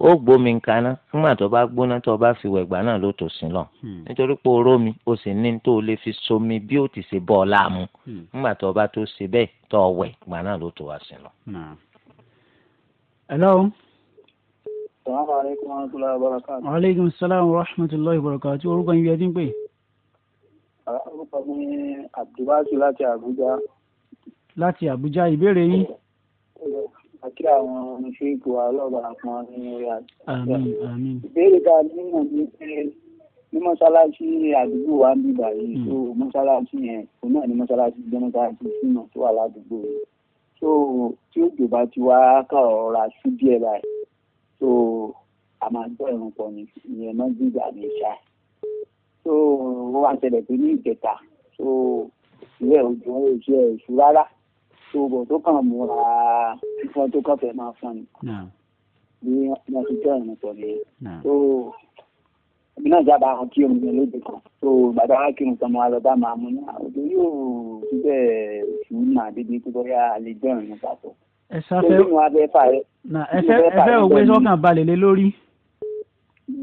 ó gbómi kaná nígbà tó bá gbóná tó bá fi wẹ̀gbà náà ló tò sí lọ hmm. nítorí pé oró mi ó sì ní tó lè fi somi bí ó ti ṣe bọ́ hmm. nígbà tó bá tó ṣe bẹ́ẹ̀ tó wẹ̀ gbà náà ló tò wá sí lọ. salaamaleykum wa rahmatulahi wa salaam wa rahmatulahi wa orúkọ yín bí ẹ ti ń pè é. orúkọ mi abdulbasi láti abuja láti abuja ìbéèrè yín. àti àwọn oníṣègùn alọ́ba kan ní orí àti. àmín àmín. ìbéèrè ta ni mo ní pé ní mọ́ṣáláṣí àdúgbò wa ń bíbà yìí tó hmm. mọ́ṣáláṣí yẹn òun náà ni mọ́ṣáláṣí gbẹ́nìkà àti sínú tó wà ládùúgbò yìí tó tí òjò bá ti wá kà ọ̀rọ̀ àṣù díẹ̀ báyìí tó a máa gbọ́ ìrùn pọ̀ ní ìyẹn náà gbígbà ní ìṣá so ó wà ń ṣẹlẹ̀ pé ní ìjẹta so ìwé òjò ìṣe èṣù rárá so bọ̀ tó kàn mú ra fífọ́n tó kàn fẹ́ máa fún ni bí wọ́n ti tẹ́ ọ̀nà pọ̀lẹ́ so èmi náà jábàá àwọn kí omi lóde kan so gbàdá wa kí n sọ mọ alọ bá máa mú ní àwọn òjò yóò fi bẹ́ẹ̀ sùn náà débi pé bóyá a lè jẹ́ ọ̀nà papọ̀. ẹ sáfẹ́ ẹ fẹ́ òwe sọ́kàn balẹ̀ lé lórí.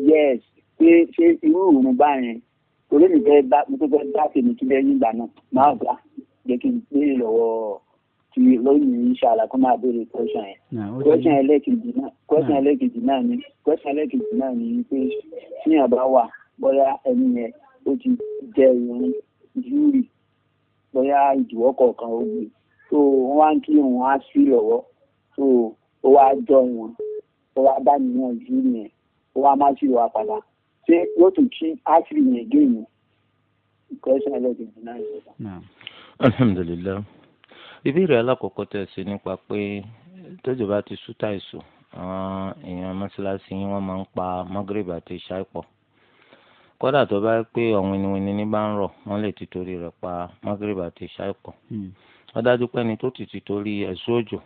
yes ṣé irú òun bá yẹn torí mi fẹ́ bá mi tó fẹ́ bá tèmi tún bẹ́ẹ̀ nígbà náà máa gbà jẹ́ kí n béèrè lọ́wọ́ ti lóyún ìṣàlà kó máa béèrè question yẹn question ẹlẹ́kejì náà question ẹlẹ́kejì náà ni question ẹlẹ́kejì náà ni pé tíyàn bá wà bóyá ẹni yẹn ó ti jẹ́ ìrìn júùrì bóyá ìdìwọ́ kọ̀ọ̀kan ó gbé so wọ́n wá ń kí wọn á sí lọ́wọ́ so ó wá jọ wọn ó wá bá nìyàn júùrì yẹn ó wá má sí wà pàlà ṣé yóò tún kí áṣírí yẹn gé mi question ẹlẹ́gbẹ̀ẹ́ náà yẹn. alhamdulilayi ìbéèrè alákọ̀ọ́kọ́ tẹ̀ sí nípa pé tọ́jú bá ti sútà ìṣù àwọn èèyàn mọ́ṣáláṣí yín wọ́n máa ń pa magreb àti ṣáìpọ̀ kódà tó bá pé ọ̀hún ìwìnì ní bá ń rọ̀ wọ́n lè ti torí rẹ̀ pa magreb àti ṣáìpọ̀ wọ́n hmm. dájú pé ẹni tó ti ti torí ẹ̀sùn òjò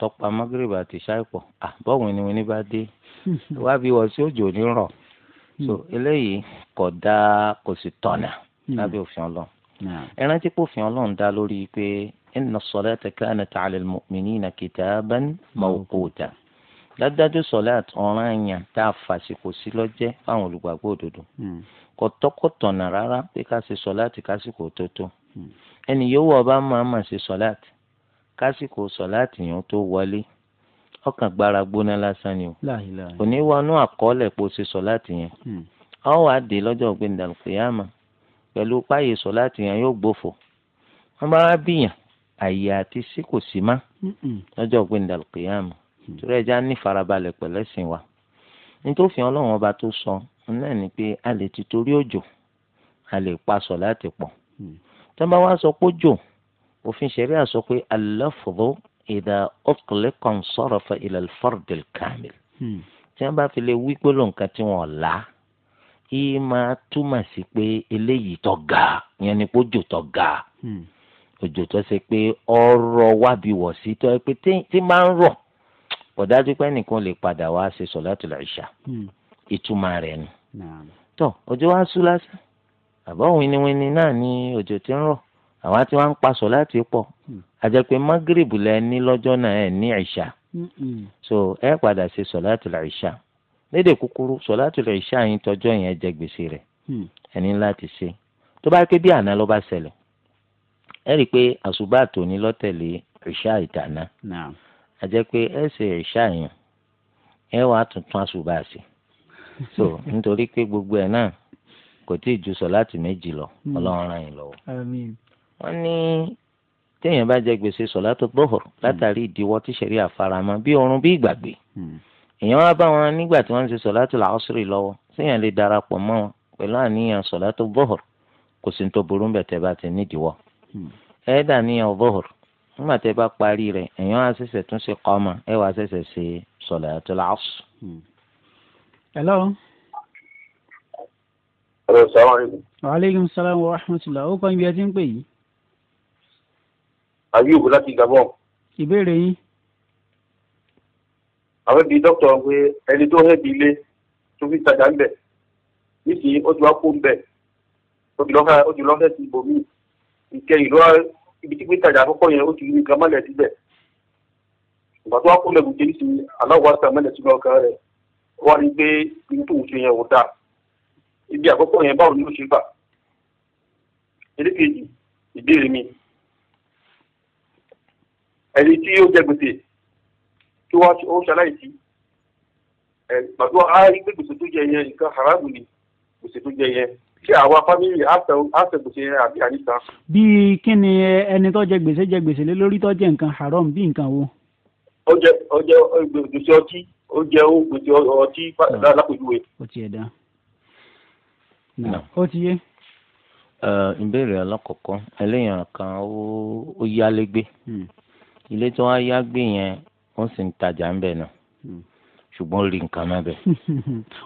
tọ́pa magreb àti ṣáìpọ̀ àbọ̀wìn ìwìnì bá dé hmm. wábí wọ́n sí òjò ní rọ̀ so hmm. eléyìí kò dáa kò sì tọ̀nà hmm. lábẹ́ òfin ọlọ́run ẹ rántí pé òfin ọlọ́run dá lórí pé inna as-salata kanat 'ala al-mu'minina kitaban mawquta dájúdájú sọláàt ọ̀ràn yẹn tá a fàṣìkò sí lọ́jẹ́ fáwọn olùgbàgbọ́ òdodo hmm. kò tọ́kọ̀tọ̀nà rárá pé ká ṣe sọláàt kásìkò tó tó ẹnì yòówù ọba máa máa ṣe sọláàt kásìkò sọláàt yẹn tó wọlé ọkàn gbára gbóná lásán ni o kò ní wọnú àkọọ́lẹ̀ pé o ṣe sọ láti yẹn hmm. a ó wàá dé lọ́jọ́ ọ̀gbìn dàlùkìyàmà pẹ̀lú páyé sọ láti yẹn yóò gbófò wọ́n bá wá bìyàn àyè àti sí kò sí má hmm. lọ́jọ́ ọ̀gbìn dàlùkìyàmà hmm. torí ẹja ní farabalẹ̀ pẹ̀lẹ́sìn wa nítòfin ọlọ́run ọba tó sọ náà ni pé a lè ti torí òjò a lè pa sọ láti pọ̀ tí wọ́n sọ pé òjò òfin ṣẹ̀rí àsọ pé alẹ́ fòdó ìdá ọ̀kọ̀lẹ́kọ̀ ń sọ̀rọ̀ fún ilẹ̀ fọ́ọ̀dì kàmìl. tí wọ́n bá fi lè wí pé lóǹkà tí wọ́n là yìí máa túmọ̀ sí pé eléyìí tó ga yẹn ni pé òjò tó ga hmm. òjò tó ṣe pé ọ̀rọ̀ wábi wọ̀ sí tó ẹ pé tí máa ń rọ̀ kò dájú pé nìkan lè padà wá ṣe sọ̀láàtù ìṣà hmm. ìtumọ̀ rẹ̀ ni. tó òjò wá sú lásán àbọ̀ wíníwíní náà ni òjò ti ń rọ̀ àwa tí wọ́n ń pa sọ̀láàtì pọ̀ hmm. àjẹpẹ́ magreb lẹ ní lọ́jọ́ náà ẹ̀ ní so ẹ padà ṣe sọ̀láàtì ìṣà lédè kúkúrú sọ̀láàtì ìṣà yín tọjọ́ yẹn jẹ gbèsè rẹ hmm. ẹni láti ṣe tó bá ké bí àná ló bá ṣẹlẹ̀ ẹ rí i pé àṣùbà tòní tuntun àṣùbà ṣe [LAUGHS] so nítorí gbogbo ẹ náà ju méjì lọ hmm. ràn yín ní téèyàn bá jẹ gbèsè sọ̀látò bọ́họ̀ hmm. látàrí ìdíwọ́ tí ṣẹ̀rí àfaramọ́ bí oorun bí ìgbàgbé hmm. èèyàn wá bá wọn nígbà tí wọ́n ń ṣe sọ̀látò làásìrì lọ́wọ́ séèyàn lè darapọ̀ mọ́ wọn pẹ̀lú àníyàn sọ̀látò bọ́họ̀ kò sí tó burú bẹ̀ tẹ́ bá ti nídìíwọ́ hmm. ẹ níyàn bọ́họ̀ nígbà tẹ́ bá parí rẹ̀ èèyàn á ṣẹ̀ṣẹ̀ tún ṣe kọ́mọ ẹ wá ṣẹ̀ṣẹ̀ ṣe sọ̀látò làásù. hello. hello salaam aleykum. wa aleykum salaam ayub láti gabon. ìbéèrè yín. àwọn bíi dókítà pé ẹni tó hẹ́bi ilé tó fi tajà ń bẹ̀ nísìnyí ó ti wá kó ń bẹ̀ ó ti lọ́fẹ́ sí ibòmíì ìkẹyìn ló wá ibi tí pé tajà àkọ́kọ́ yẹn ó ti rí nǹkan mọ́lẹ̀ síbẹ̀ ìgbà tó wá kó lẹ́gùn jẹ́ nísìnyí aláwọ̀ àti àmọ́lẹ̀ sínú ọkàn rẹ̀ wá rí pé ibi tó ń ṣe yẹn ò dáa ibi àkọ́kọ́ yẹn báwo ni ó ṣe gbà. elékejì ìbéèrè mi ẹni tí ó jẹ gbèsè tí wọ́n ó ṣaláìsí ẹ pàtó á rí pé gbèsè tó jẹ yẹn nǹkan haramu ni gbèsè tó jẹ yẹn ṣé àwa fámìlì àṣẹ gbèsè yẹn àbí àníkan. bí kí ni ẹni tó jẹ gbèsè jẹ gbèsè lé lórí tó jẹ nǹkan haram bí nǹkan wo. ó jẹ ó jẹ gbèsè ọtí ó jẹ ó gbèsè ọtí ah. lápèjúwe. ó ti ẹ̀ dá ó ti yé ìbéèrè alákọ̀ọ́kọ́ ẹlẹ́yìn kan ó yálégbé hmm ilé tí wọ́n yá gbé yẹn wọ́n sì ń tajà ń bẹ̀ náà hmm. ṣùgbọ́n ó rí nǹkan náà bẹ̀.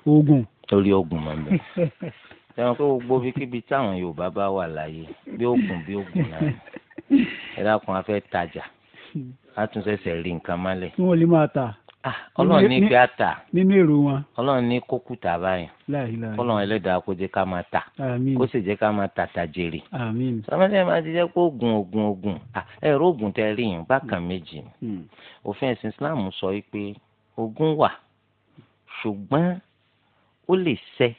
[LAUGHS] oògùn. ó rí oògùn mọ́ bẹ̀. sẹ́wọ̀n pé gbogbo bíkíbi táwọn Yorùbá bá wà láyé bí oògùn bí oògùn náà ẹ dákun afẹ́ tajà látúnṣẹ̀ṣẹ̀ hmm. rí nǹkan mọ́lẹ̀. kí wọ́n lè máa ta. Ah, ọlọ́run ní pé a tà nínú èrò wọn ọlọ́run ní kókù tà báyìí ọlọ́run ẹlẹ́dàá kó jẹ́ ká máa tà kó sì jẹ́ ká máa tàtà jèrè sọmọdé máa ti jẹ́ pé oògùn oògùn oògùn ah, ẹ̀rọ oògùn tẹ rí yẹn bákan méjì hmm. Hmm. òfin ẹ̀sìn Islam sọ pé oògùn wà ṣùgbọ́n ó lè ṣẹ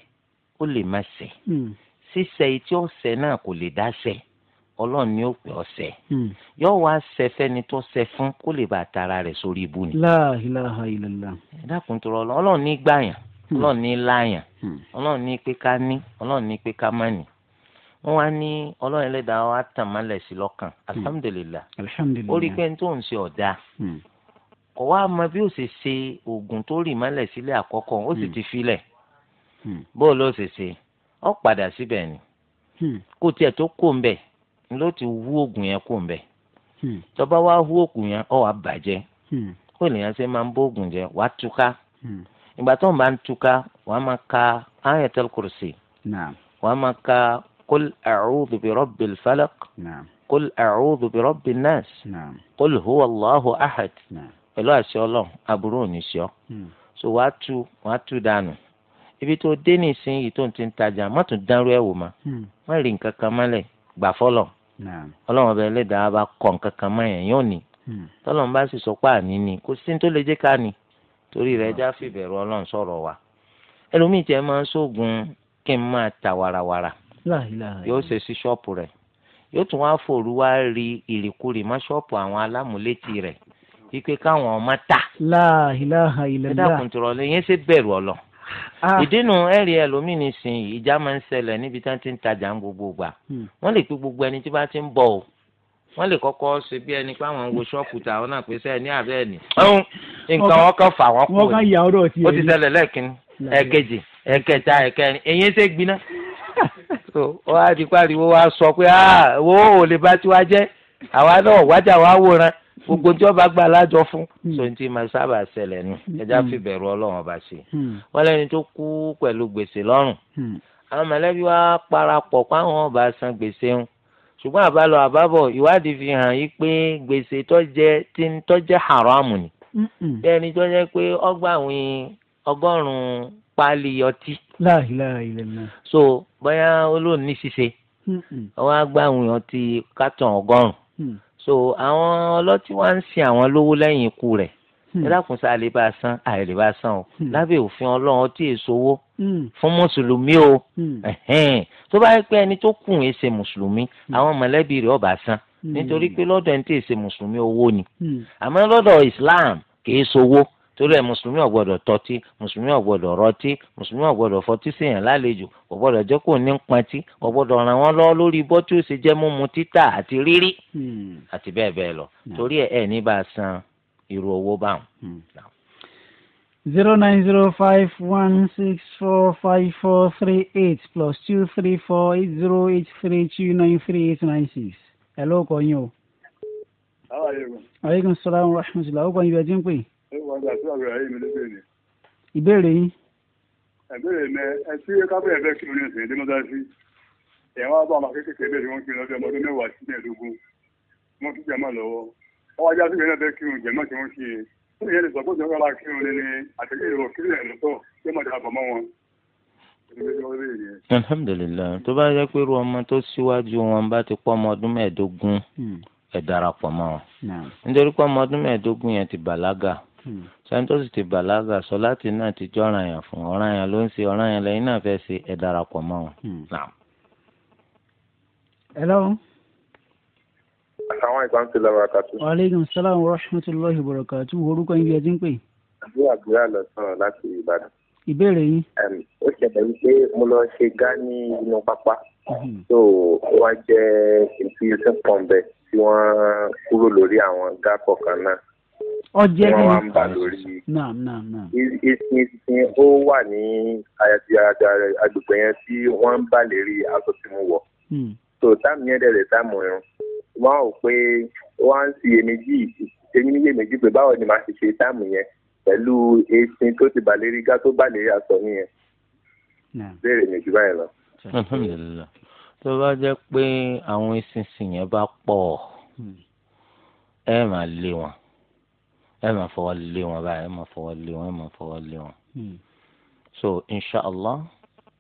ó lè má ṣẹ hmm. ṣíṣẹ etí ọ̀sẹ̀ náà kò lè dá ṣẹ ọlọ́run ni ó pè ọ́ ṣẹ̀ hmm. yóò wá ṣẹ fẹ́ni tó ṣẹ fún kó lè bá tara rẹ̀ sórí ibu ni. la ilaha illallah. ẹ dákun tó rọ ọlọ́run ní gbàyàn hmm. ọlọ́run ní láyàn hmm. ọlọ́run ní pé ká ní ọlọ́run ní pé ká má ní wọ́n wá ní ọlọ́run ẹlẹ́dàá wa tàn málẹ̀ sí lọ́kàn alhamdulilah ó rí pé tó ń ṣe ọ̀dà kò wá mọ bí ó ṣe ṣe oògùn tó rì málẹ̀ sílẹ̀ àkọ́kọ́ ó sì ti filẹ̀ bó ló ṣe ṣe ó padà síbẹ̀ ni kó tiẹ̀ tó kó ń bẹ̀ ló ti wú oògùn yẹn kó mbẹ hmm. tó bá wá wú oògùn yẹn ọ wà bàjẹ́ kó hmm. ènìyàn ṣe máa ń bó oògùn jẹ wàá túká hmm. ìgbà tó ń bá ń túká wàá máa ka ayatul kursi wàá máa ka kul a'udhu bi rabbil falaq kul a'udhu bi rabbin nas kul huwa ahad pẹ̀lú àṣẹ ọlọ́run aburú ò ṣọ́ so wàá tú wàá tú dànù ibi tó dé nísìnyí tó ń ti ń tajà má tún dánrú ẹ̀ wò má má rí nǹkan kan mọ́lẹ̀ gbà fọ́lọ̀ ọlọ́run ọba ẹlẹ́dàá bá kọ̀ nǹkan kan mọ́ èèyàn yóò ní hmm. tọ́lọ́run bá sì sọ pé àní ni kò sí tó lè jẹ́ ká ní torí rẹ̀ já fìbẹ̀rù ọlọ́run sọ̀rọ̀ wa ẹlòmíì tiẹ̀ máa ń sóògùn kí n máa ta warawara yóò ṣe sí ṣọ́ọ̀pù rẹ̀ yóò tún wá fòru wá rí ìrìkúrì má ṣọ́ọ̀pù àwọn alámúlétì rẹ̀ wípé káwọn ọmọ ta. láàhìláhà ilẹ̀ náà. ẹ dákun tó rọ lẹ́yìn ṣe bẹ̀rù ọlọ́run Ah. ìdí ẹ̀rí ẹlòmíì nísìnyí ìjà máa ń ṣẹlẹ̀ níbi tí wọ́n ti ń tajà ń gbogbo gbà hmm. wọ́n lè pe gbogbo ẹni tí bá ti ń bọ̀ o wọ́n lè kọ́kọ́ ṣe bí ẹni pé àwọn ń wo ṣọ́ọ̀kù náà ní nǹkan wọn kan fà ní ó ti ṣẹlẹ̀ ẹ̀kẹta ẹ̀kẹrin èyí [LAUGHS] sọ pé ah, ò lè bá tiwa jẹ́ àwa náà wájà wá gbogbo tí ọba gba alájọ fún hmm. sọyìn tí màá sábà ṣẹlẹ̀ nù hmm. ẹjá hmm. fi bẹ̀rù ọlọ́run ọba ṣe wọ́n lẹ́ni tó kú pẹ̀lú gbèsè lọ́rùn àwọn mọ̀lẹ́bí wa parapọ̀ páwọn ọba san gbèsè ń ṣùgbọ́n àbálọ àbábọ̀ ìwádìí fi hàn yí pé gbèsè tó jẹ́ tí ń tó haramu ni bẹ́ẹ̀ ni tó jẹ́ pé ọgbà àwìn ọgọ́rùn-ún páálí ọtí. so bóyá olóòní ṣiṣe wọ́n á gbà ọtí kátàn ọgọ́rùn so àwọn ọlọ́tí wa ń sin àwọn lówó lẹ́yìn ikú rẹ̀ hmm. ẹdákun lè bá a san àì lè bá a san o hmm. lábẹ́ òfin ọlọ́run ọtí èsowó hmm. fún mùsùlùmí o tó bá yẹ pé ẹni tó kù ń ṣe mùsùlùmí àwọn mọ̀lẹ́bí rẹ̀ ọba san nítorí pé lọ́dọ̀ ẹni tí ń ṣe mùsùlùmí owó ni àmọ́ lọ́dọ̀ Islam kì í ṣowó. So torí ẹ mùsùlùmí ò gbọ́dọ̀ tọ́tí mùsùlùmí ò gbọ́dọ̀ rọtí mùsùlùmí ò gbọ́dọ̀ fọtí sèèyàn lálejò ò gbọ́dọ̀ jẹ́ kó ní pọntí ò gbọ́dọ̀ ràn wọ́n lọ́wọ́ lórí bọ́ tí ó ṣe jẹ́ mímu títà àti rírí hmm. àti bẹ́ẹ̀ bẹ́ẹ̀ lọ hmm. torí ẹ ẹ ní bá a san irú owó báwọn. Hmm. zero nine zero five one six four five four three eight plus two three four eight zero eight three two nine three eight nine six ẹ̀ ló kọ́ yín o. aleykum salaam wa rahmatulah ó kọ́ yín bí ẹ ti ń pè é ìbéèrè yín. ìbéèrè mi ẹ tí kábíyà fẹ́ kí orin ẹ̀sìn dẹ́mọ́sáàsì ẹ̀wọ̀n àbọ̀ àmà kékeré bẹ́ẹ̀ tí wọ́n kí lọ́dún ọmọdún mẹ́wàá sí mẹ́ẹ̀ẹ́dógún wọ́n kí jàmá lọ́wọ́ ọwọ́ ajá síbi náà fẹ́ kí orin jàmá tí wọ́n kí e ó yẹ lè sọ pé ìjọba kí orin ní àtẹ̀lé ìwọ̀ kílẹ̀ ẹ̀ lọ́tọ̀ yẹ mọ̀ dàbọ̀ mọ́ wọn. alhamdulilayi tó bá yẹ pé irú ọmọ tó síwájú wọn bá ti pọ́ ọmọ ọdún mẹ́ẹ̀ẹ́dógún hmm. ẹ̀ darapọ̀ mọ́ wọn nítorí pé ọmọ ọdún mẹ́ẹ̀ẹ́dógún yẹn ti bàlágà Hmm. santos ti bàlágà sọ láti náà ti jọ ọ̀ràn yẹn fún ọ̀ràn yẹn ló ń ṣe ọ̀ràn yẹn lẹ́yìn náà fẹ́ ṣe ẹ̀ darapọ̀ mọ́ wọn. Hmm. hello. àwọn ìgbà ń ti lọ bàkàtú. waaleykum salaam wa rahmatulahi wa barakatu orúkọ yín bí ẹ ti ń pè. àbúrò àbúrò àlọ́ sọ̀rọ̀ láti ìbàdàn ìbéèrè yín. ó ṣẹlẹ̀ wípé mo lọ ṣe gá inú pápá tó hmm. wá jẹ́ infusion pump tí wọ́n kúrò lórí àwọn gá ọjẹ kí ni wọn bá lórí ìsinsìnyí ó wà ní agbègbè yẹn tí wọn ń bà lérí aṣọ tí mo wọ hmm. so táàmù yẹn dẹ̀ rẹ̀ táàmù irun wọn ò pé wọn ń ṣiyèméjì èyí ní iyèméjì pé báwo ni màá ti ṣe táàmù yẹn pẹ̀lú esin tó ti bà lérí gá tó bà lérí aṣọ yẹn béèrè mi jù báyìí lọ. alhamdulilayi tó bá jẹ́ pé àwọn ìsinsìnyí bá pọ̀ hmm. ẹ máa lé wọn ẹ máa fọwọ́ lé wọn báyìí ẹ máa fọwọ́ lé wọn ẹ máa fọwọ́ lé wọn. Hmm. so inshallah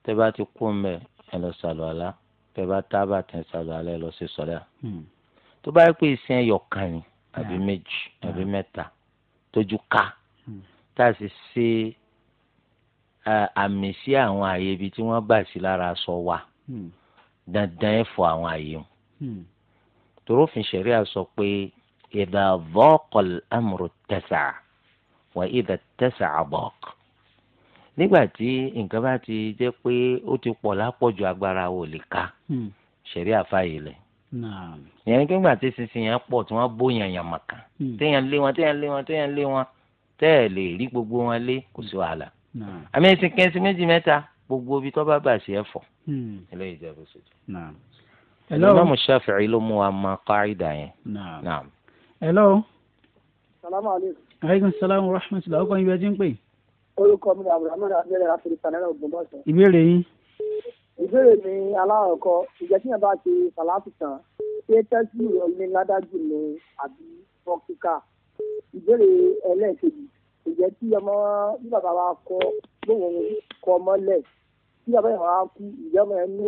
tẹ bá ti kú mbẹ ẹ lọ sàlù àlá tẹ bá tábà tẹ sàlù àlá ẹ lọ sí sọlá. Hmm. tó bá yẹ pé ìsìn ẹyọ kan ni àbí méjì àbí mẹ́ta tójú ká hmm. tá a sì ṣe àmì sí àwọn àyè ibi tí wọ́n bà sí lára aṣọ wa dandan ẹ fọ àwọn àyè wọn. torófin ṣẹ̀ríà sọ pé. إذا ضاق الأمر tẹ̀sà وإذا ìdá ضاق àbọ̀k. nígbà tí nǹkan bá ti jẹ́ pé ó ti pọ̀ lápọ̀jù agbára wò lè ká ṣẹ̀rí àfààyè lẹ̀. ìyẹn nígbà tí sísìn yẹn pọ̀ tí wọ́n bóyan yàn màkà téèyàn lé wọn téèyàn lé wọn téèyàn lé wọn tẹ́ẹ̀ lè rí gbogbo wọn lé kò sí wàhálà. àmì ẹ̀sìn kẹ́sì méjì mẹ́ta gbogbo ibi tó bá bàṣẹ ẹ̀fọ́. eléyìí jẹ́ bó ṣe jẹ́. Imam Shafi'i ló mú wa mọ káàídà hello. salaamu aleykum. aleykum salaam wa rahmatulah ọkọ ibi ẹ ti ń pè. orúkọ mi ni abdulhamid abdulayi afirika náírà Ògbómọ̀ṣọ́. ìbéèrè yín. ìbéèrè mi aláàkọ ìjẹ́ tí yẹn bá ti sàlátì tán ṣé tẹ́sí ọ̀lẹ́ ládájú ni àbí fọ́kíkà ìbéèrè ẹlẹ́ẹ̀kejì ìjẹ́ tí ọmọ bí bàbá wa kọ lóhùn kọ mọ́lẹ̀ tí bàbá yẹn wá kú ìjọba yẹn ní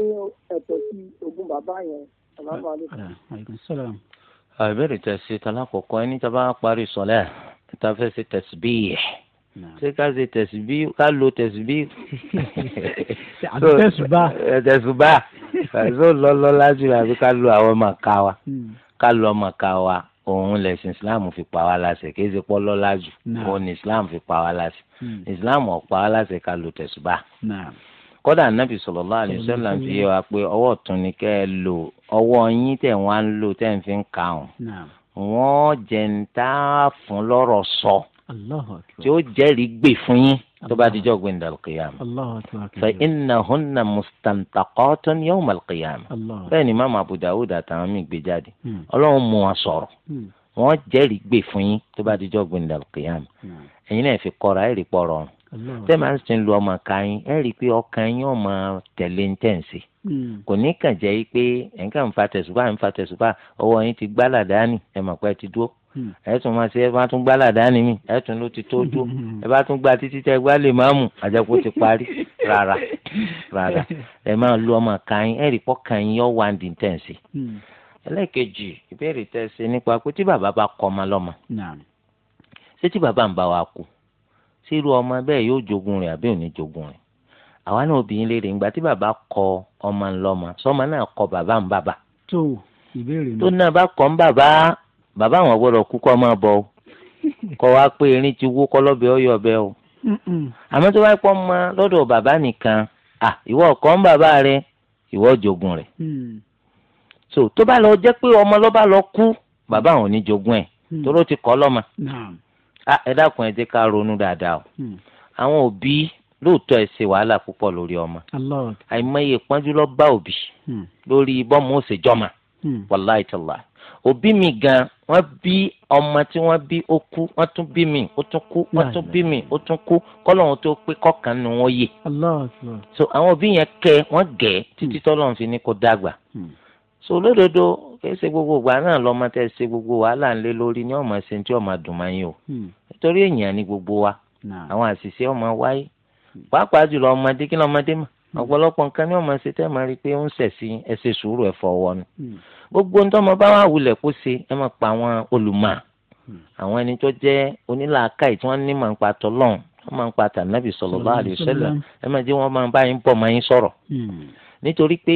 ẹ̀tọ́ sí ogún bàbá yẹn. salaamu aleykum. aleykum salaam àbẹ̀rẹ̀ tẹ̀sí talákọ̀ọ́kọ́ ẹni tá a bá parí sọ̀lẹ́ tá se fẹ́ ṣe tasbih ṣé ká ṣe tasbih ká lo tasbih. àbí tẹ̀sùbá. tẹ̀sùbá ṣó lọ́lọ́ lájú àbí ká lo àwọn ọmọ ká wa hmm. ká lo ọmọ ká wa òun lẹ̀sìn islam fi pa wá láṣẹ kì í ṣe pọ́lọ́ lájú òun ni islam fi pa wá láṣẹ hmm. islam ò wá láṣẹ ká lo tẹ̀sùbá kódà nàbì sallallahu alaihi wasallam fi yé wa pé ọwọ́ ọ̀tún ni kẹ́ ẹ lò ọwọ́ yín tẹ̀ wá ń lò tẹ̀ ń fi ń kà ọ́n wọ́n jẹ́ ń tá a fún lọ́rọ̀ sọ tí ó jẹ́rìí gbè fún yín tó bá dijọ́ gbé ndàlù kìyàm. fa innahunna mustantaqatun yawma al-qiyam. bẹ́ẹ̀ ni Imam Abu Dawud àtàwọn míì gbé jáde hmm. ọlọ́run mú wọn sọ̀rọ̀ hmm. wọ́n jẹ́rìí gbè fún yín tó bá dijọ́ gbé ndàlù kìyàm. Hmm. ẹ̀yin náà fi kọ́ra ẹ̀rí pọ̀ rọrùn tẹ́ máa ń sin lu ọmọ kàyín ẹ rí i pé ọkàn yín ọmọ tẹ̀lé ń tẹ̀sí hmm. kò ní kàn jẹ́ pé ẹ̀ ń kàn ń fa tẹ̀sùbá ń fa tẹ̀sùbá ọwọ́ yín ti gbá làdáni ẹ̀ mọ̀ pé ẹ ti dúró hmm. ẹ tún máa ṣe ẹ bá tún gbá làdáni mi ẹ tún ló ti tó dúró hmm. ẹ bá tún gba títí tẹ gbá lè máa mú àjẹkù ti parí [LAUGHS] rárá rárá ẹ máa lu ọmọ kàyín ẹ rí i pọ́ kàyín yọ wá ń tẹ̀sí ẹlẹ́ẹ̀kejì ìbéèrè tẹ́ sírú ọmọ bẹ́ẹ̀ yóò jogun rẹ̀ àbí òní jogun rẹ̀ àwa náà obìnrin léèrè ńgbà tí bàbá kọ ọmọ ńlọmọ sọmọ náà kọ bàbá ń bàbá. tó ìbéèrè náà tó náà bá kọ́ ń bàbá bàbá àwọn gbọ́dọ̀ kú kọ́ máa bọ̀ [LAUGHS] kọ́ wa pé erin ti wó kọ́lọ́bẹ̀ ọyọ ọbẹ̀ o. àmọ́ tó bá pọ́ mọ lọ́dọ̀ bàbá nìkan ìwọ kọ́ ń bàbá rẹ ìwọ jogun rẹ̀. Mm. so tó bá lọ jẹ́ pé ọmọ lọ́ba lọ kú bàbá àwọn ò jogun ẹ̀ mm. tó ló ti kọ́ lọ́mọ. Ah, ẹ dákun ẹ jẹ́ ká ronú dáadáa o hmm. àwọn òbí lóòótọ́ ẹ ṣe wàhálà púpọ̀ lórí ọmọ àìmọye ìpọ́njú lọ bá òbí hmm. lórí bọ́ọ̀mù òṣèjọ́mà hmm. wàláì tọ́lá òbí mi gan wọ́n bí ọmọ tí wọ́n bí ó kú wọ́n tún bí mi ó tún kú wọ́n tún bí mi ó tún kú kọ́lọ́hún tó pé kọ́kàn nù wọ́n yè so àwọn òbí yẹn kẹ́ wọ́n gẹ̀ẹ́ títí tọ́lọ́hún fi ní kó dàgbà so lódodo kìí ṣe gbogbo ìgbà náà lọ́mọ tẹ́ ṣe gbogbo wàhálà ńlẹ́ lórí ní ọmọ ṣe tí ọmọ dùn máa ń hmm. nítorí èèyàn ni gbogbo wa àwọn àṣìṣe ọmọ wáyé hmm. pàápàá jùlọ ọmọdé kí lọmọdé mà hmm. ọ̀pọ̀lọpọ̀ nǹkan ní ọmọ ṣe tẹ́ máa rí i pé ó ń ṣẹ̀sí ẹ ṣe sùúrù ẹ fọwọ́ nu gbogbo nítorí ọmọ bá wà wulẹ̀ kó ṣe ẹ máa pa àwọn olùmọ̀ àwọn ẹni tó jẹ́ onílàákàyè tí wọ́n ní màá ń pa tọ́lọ́run wọ́n máa ń pa tànàbì sallallahu alaihi wasallam ẹ máa jẹ́ wọ́n máa bá yín bọ̀ máa yín sọ̀rọ̀ nítorí pé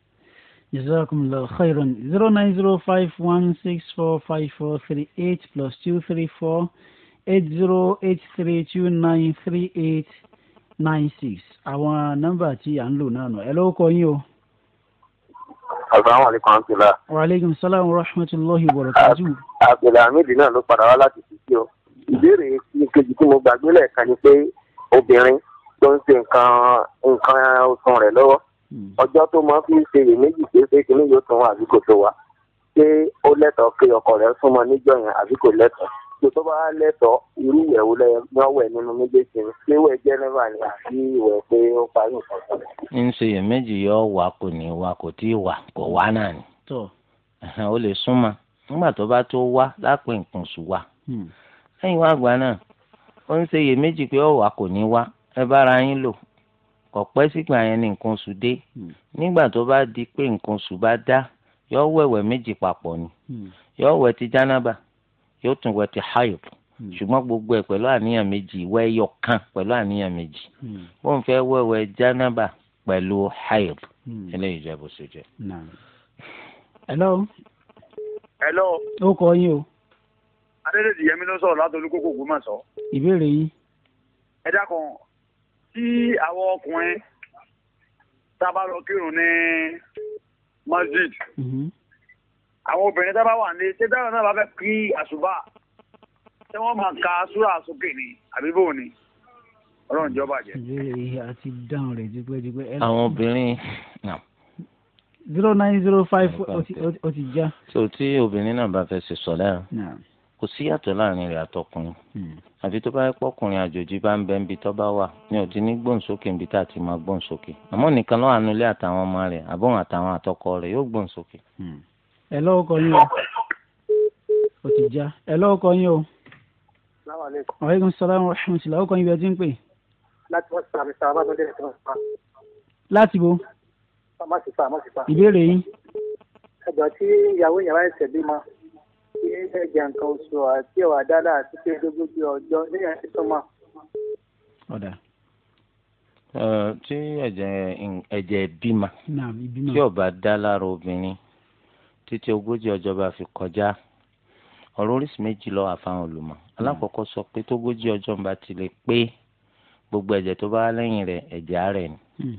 jazakumullahu khairan zero 09051645438 plus 234 8083293896 four eight zero eight three two nine three eight nine six àwọn nọ́mbà tí à ń lò náà nù ẹ ló kọ yín o. asalaamualeykum abdullah. waaleykum salaam wa rahmatulahi wa barakatu. abdulhamidi náà ló padà wá láti sisi o ìbéèrè kejì tí mo gbàgbé lẹ́ẹ̀kan ni pé obìnrin ló ń ṣe nǹkan nǹkan oṣù rẹ̀ lọ́wọ́. Hmm. ọjọ́ tó máa fi ń ṣe iyèméjì pé ṣé kinní yóò tún wá àbí kò tó wá ṣé ó lẹ́tọ̀ọ́ pé ọkọ rẹ̀ súnmọ́ níjọ́ yẹn àbí kò lẹ́tọ̀ọ́ tó tó bá lẹ́tọ̀ọ́ irú ìwẹ̀ wo lẹ́yìn wẹ̀ nínú méjèèjì ni ṣé ìwẹ̀ jẹ́nẹ́fà ni àbí ìwẹ̀ pé ó parí nǹkan. ń ṣe iyèméjì yọ wà kò ní wà kò tí ì wà kò wá náà ni ó lè súnmọ́ nígbà tó bá tó wá lápè nǹkan wá hmm. lẹ́yìn náà ó ń ṣe iyèméjì pé ó kò ní wá ẹ bára yín lò kò pẹ́ sígbà yẹn ni nǹkan oṣù dé hmm. nígbà tó bá di pé nǹkan oṣù bá dá yóò wẹ̀wẹ̀ méjì papọ̀ ni hmm. yóò wẹ̀ ti jánábà yóò tún wẹ̀ ti hayop hmm. ṣùgbọ́n gbogbo ẹ̀ pẹ̀lú àníyàn méjì wẹ̀ yọ kan pẹ̀lú àníyàn méjì wọ́n fẹ́ wẹ̀wẹ̀ jánábà pẹ̀lú hayop eléyìí jẹ́ bó ṣe jẹ́. hello. hello. ó kọ yín o. adédèjì yẹmi ló sọ̀rọ̀ látọ̀lú kókó ògbómọ̀ṣọ́. ìbéèrè yín. ẹ dákun tí àwọn ọkùnrin tábà lọ kírun ní masjid mm-hmm. àwọn obìnrin tábà wà ní ṣé táwọn náà bá fẹ́ kí àṣùbà ṣé wọ́n máa ka súrà sókè ni àbí bò ni ọlọ́run jọba jẹ. ìbéèrè yìí àti dáhùn rẹ̀ dípẹ́dípẹ́. àwọn obìnrin náà zero nine zero five ó ti já. so tí obìnrin náà bá fẹ́ ṣe sọ̀lá kò sí yàtọ̀ láàrin rẹ̀ àtọkùnrin hmm. àfi tó bá pọ̀ ọkùnrin àjòjì bá ń bẹ níbi tó bá wà ní òdi ní gbòǹsókè níbi tá a ti máa gbòǹsókè àmọ́ nìkan lọ́wọ́ ànulẹ̀ àtàwọn ọmọ rẹ̀ àbọ̀n àtàwọn àtọkọ rẹ̀ yóò gbòǹsókè. Hmm. ẹ lọ́wọ́ kọ yín o ó ti já ẹ lọ́wọ́ kọ yín o. aleykum salaam wa rahmatulah ọkọ yín bí ẹ ti ń pè. láti bo. ìbéèrè yín. ẹgbẹ́ tí ìyàwó sí ẹ̀jẹ̀ nǹkan oṣù àti ẹ̀wà dáadáa àti pé ogójì ọjọ́ ní ẹ̀jẹ̀ tó mọ̀. ọ̀dà tí ẹ̀jẹ̀ ẹ̀jẹ̀ bímọ tí ó bá dá lára obìnrin títí ogójì ọjọ́ bá fi kọjá ọ̀rọ̀ oríṣi méjì lọ àfahàn olùmọ̀ alákọ̀ọ́kọ́ sọ pé tógójì ọjọ́ bá ti lè pé gbogbo ẹ̀jẹ̀ tó bá lẹ́yìn rẹ̀ ẹ̀jẹ̀ àárẹ̀ ni hmm.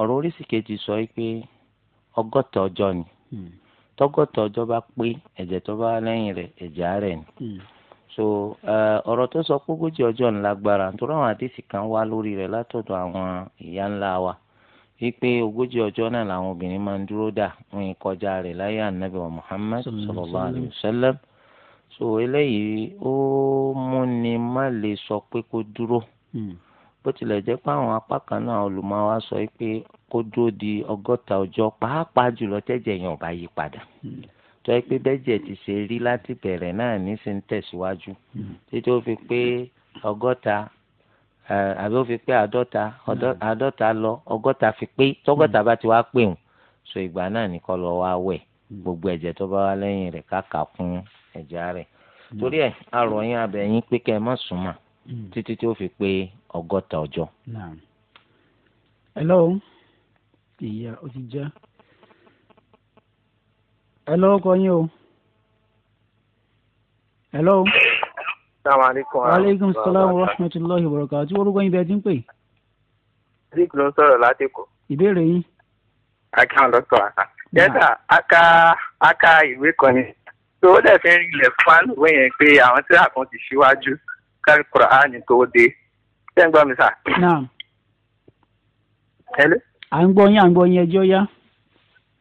ọ̀rọ̀ oríṣi kejì sọ pé ọgọ́ta ọjọ́ ni. Mm tọ́gọ́tọ̀ ọjọ́ bá pé ẹ̀jẹ̀ tó bá lẹ́yìn rẹ̀ ẹ̀jẹ̀ àárẹ̀ ni. Hmm. so ọ̀rọ̀ tó sọ pé ogójì ọjọ́ ń lágbára nítorí àwọn àdìsí kan wá lórí rẹ̀ látọ̀dọ̀ àwọn ìyá ńlá wa wípé ogójì ọjọ́ náà làwọn obìnrin máa ń dúró dà wọn kọjá rẹ̀ láyé ànábì wa Muhammad sallallahu alayhi wa sallam so eléyìí ó múni má lè sọ pé kó dúró hmm. bó tilẹ̀ jẹ́ pé àwọn apá kan náà olùmọ̀ wa sọ pé kó dúró di ọgọ́ta ọjọ́ pàápàá jùlọ tẹ́jẹ̀ yẹn ò bá yí padà hmm. tó pé bẹ́jẹ̀ ti ṣe rí láti bẹ̀rẹ̀ náà nísìnyí tẹ̀síwájú hmm. títí ó fi pé ọgọ́ta àbí hmm. lọ ọgọ́ta fi pé tọ́gọ́ta bá ti wá pè so ìgbà náà ní kọ́ lọ wá wẹ̀ gbogbo ẹ̀jẹ̀ tó bá wá lẹ́yìn rẹ̀ kún ẹ̀já rẹ̀ torí ẹ̀ pé kẹ́ ẹ má títí ìyá o ti já. ẹ lọ́wọ́ kọ yín o. hello. salaamaleykum. waaleykum salaam wa rahmatulahi wa barakatuh tí orúkọ yín bẹ́ẹ̀ ti ń pè. rick ló ń sọ̀rọ̀ láti kọ́. ìbéèrè yín. akíwọn lọ sọ àṣà. jẹ́sà aka aka ìwé kan ni tó o dẹ̀ fi ń rinlẹ̀ fún àlùwẹ̀ yẹn pé àwọn tí àkàn ti ṣíwájú kárí kura á ní tó dé. ṣé ń gbọ́ mi sà. naam. hello à ń gbọ́ yín à ń gbọ́ yín ẹjọ́ yá.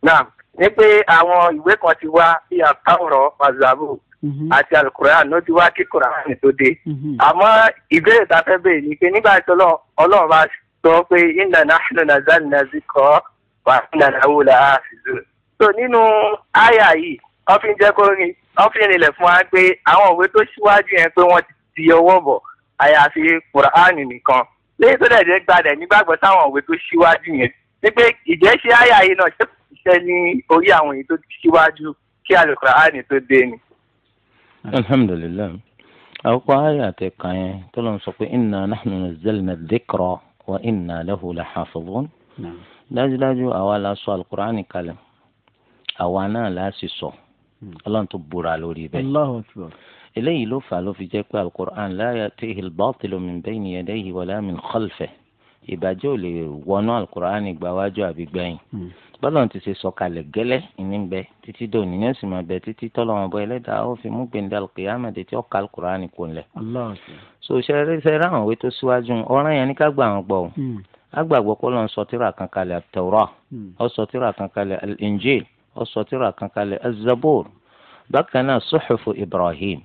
náà ní pé àwọn ìwé kan ti wá bí àtàwòrán mazabu mhm. àti alukuraan ló ti wá kí kuraan tó dé mhm. àmọ́ ìbéèrè tá a fẹ́ béèrè ni pé nígbà tí ọlọ́run bá sọ pé iná nahnu nazalna zikra wà iná náwó la àfìzù. so nínú àyà yìí wọ́n fi ń jẹ́ kó rin wọ́n fi rinlẹ̀ fún wa pé àwọn òwe tó ṣíwájú yẹn pé wọ́n ti di ọwọ́ bọ̀ àyàfi kuraan nìkan léyìí tó dẹ̀ jẹ́ gbadẹ̀ nígbàgbọ́ táwọn òwe tó ṣíwájú yẹn ni pé ìjẹ́ ṣe àyà yìí náà ṣé kò ṣiṣẹ́ ní orí àwọn èyí tó ti ṣíwájú kí àlùkùránì tó dé ni. alhamdulilayi àkókò àyà tẹ kàn yẹn tó lọ sọ pé inna nahnu nazzalna dhikra wa inna lahu lahafizun dájúdájú àwa la sọ àlùkùránì kalẹ̀ àwa náà la sì sọ hmm. ọlọ́run tó búra lórí bẹ́ẹ̀ eléyìí ló fà ló fi jẹ́ pé alukur'an la ya'tihil batilu min bayni yadayhi wala min khalfihi ìbàjẹ́ ò lè wọnú alukur'ani gba wájú àbí gbẹ̀yìn hmm. bọ́lọ̀ ti ṣe sọ̀kalẹ̀ gẹ́lẹ́ ìní ń bẹ títí dòní ní oṣù máa bẹ títí tọ́lọ́mọ bọ ẹlẹ́dàá ó fi mú gbẹ̀ndà kìyàmà dé tí ó ka alukur'ani kò lẹ̀. so ṣẹlẹ ṣẹlẹ àwọn òwe tó síwájú ọ̀ràn yẹn ní ká gbà wọn gbọ́ o á hmm. gbàgbọ́ pé lọ́n sọ tírà kan kalẹ̀ tẹ̀wúrọ̀ hmm. ó sọ tírà kan kalẹ̀ injil ó sọ tírà kan kalẹ̀ ibrahim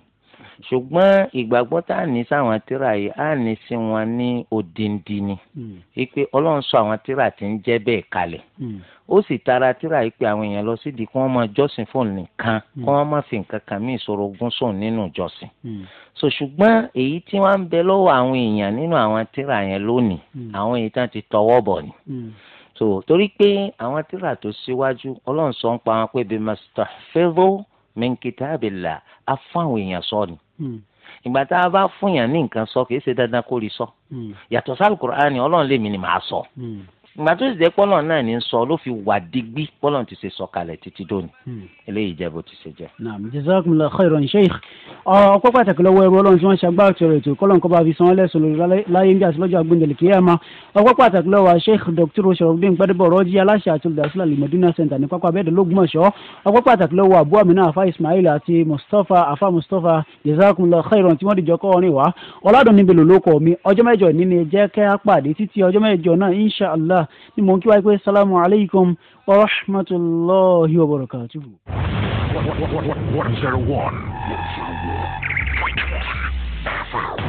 ṣùgbọ́n ìgbàgbọ́ tá a ní sáwọn tíra yìí a ní sí wọn ní odindi ni hmm. wípé ọlọ́run sọ àwọn tíra tí ń jẹ́ bẹ́ẹ̀ kalẹ̀ hmm. ó sì tara tíra yìí pé àwọn èèyàn lọ sídìí kí wọ́n máa jọ́sìn fóònù nìkan kí hmm. wọ́n má fi nǹkan kan mí ìṣòro ogún nínú ìjọsìn so ṣùgbọ́n èyí tí wọ́n ń bẹ lọ́wọ́ àwọn èèyàn nínú àwọn tíra yẹn lónìí àwọn èyí tán ti tọwọ́ bọ̀ ni. Mm so torí pé àwọn tíra tó síwájú ọlọ́run sọ ń pa wọn pé bí mr fẹ́rọ mẹ́ńkítà àbẹ̀là afáwọn èèyàn sọ ni Hmm. ìgbà tá a bá fún yàn ní nǹkan sọ kì í ṣe dandan kó rí sọ hmm. yàtọ̀ sí al Ọlọ́run lèmi ni màá sọ. Hmm ìgbà tó ṣe pọ́lọ̀ náà ní sọ ló fi wà digbí pọ́lọ̀ ti ṣe sọ̀kalẹ̀ títí dòní hmm. eléyìí jẹ́ bó ti ṣe jẹ́. naam jazakumullahu khairan sheikh ọpẹ́ pàtàkì lọ́wọ́ ẹrú ọlọ́run tí wọ́n ṣe agbára tẹ̀rọ ètò kọ́lọ́n kọ́ba fi sanwó lẹ́sùn lórí láyé ń bí àti lọ́jọ́ agbóhùn dẹ̀lẹ̀kì yẹ́ẹ̀ma ọpẹ́ pàtàkì lọ́wọ́ sheikh dr osorobin gbadebo rọ́jí aláṣẹ àti olùdásílẹ̀ alimọ̀dúnà center ní pápá abẹ́ẹ̀dẹ̀ lógúnmọ̀ṣọ́ ọpẹ́ pàtàkì lọ́wọ́ abu amina afa ismail àti mustapha afa mustapha jazakumullahu khairan tí wọ́n dìjọ́ kọ́ orin wá ọ̀làdùn níbi lòlókọ̀ mi ọjọ́ mẹ́jọ ní ni jẹ́ kẹ́ pàdé títí ọjọ́ mẹ́jọ náà inshallah ni mò kí wáyé pé salamu alaykum wa rahmatulahi wa barakatuhu. one zero one. one zero one. point one.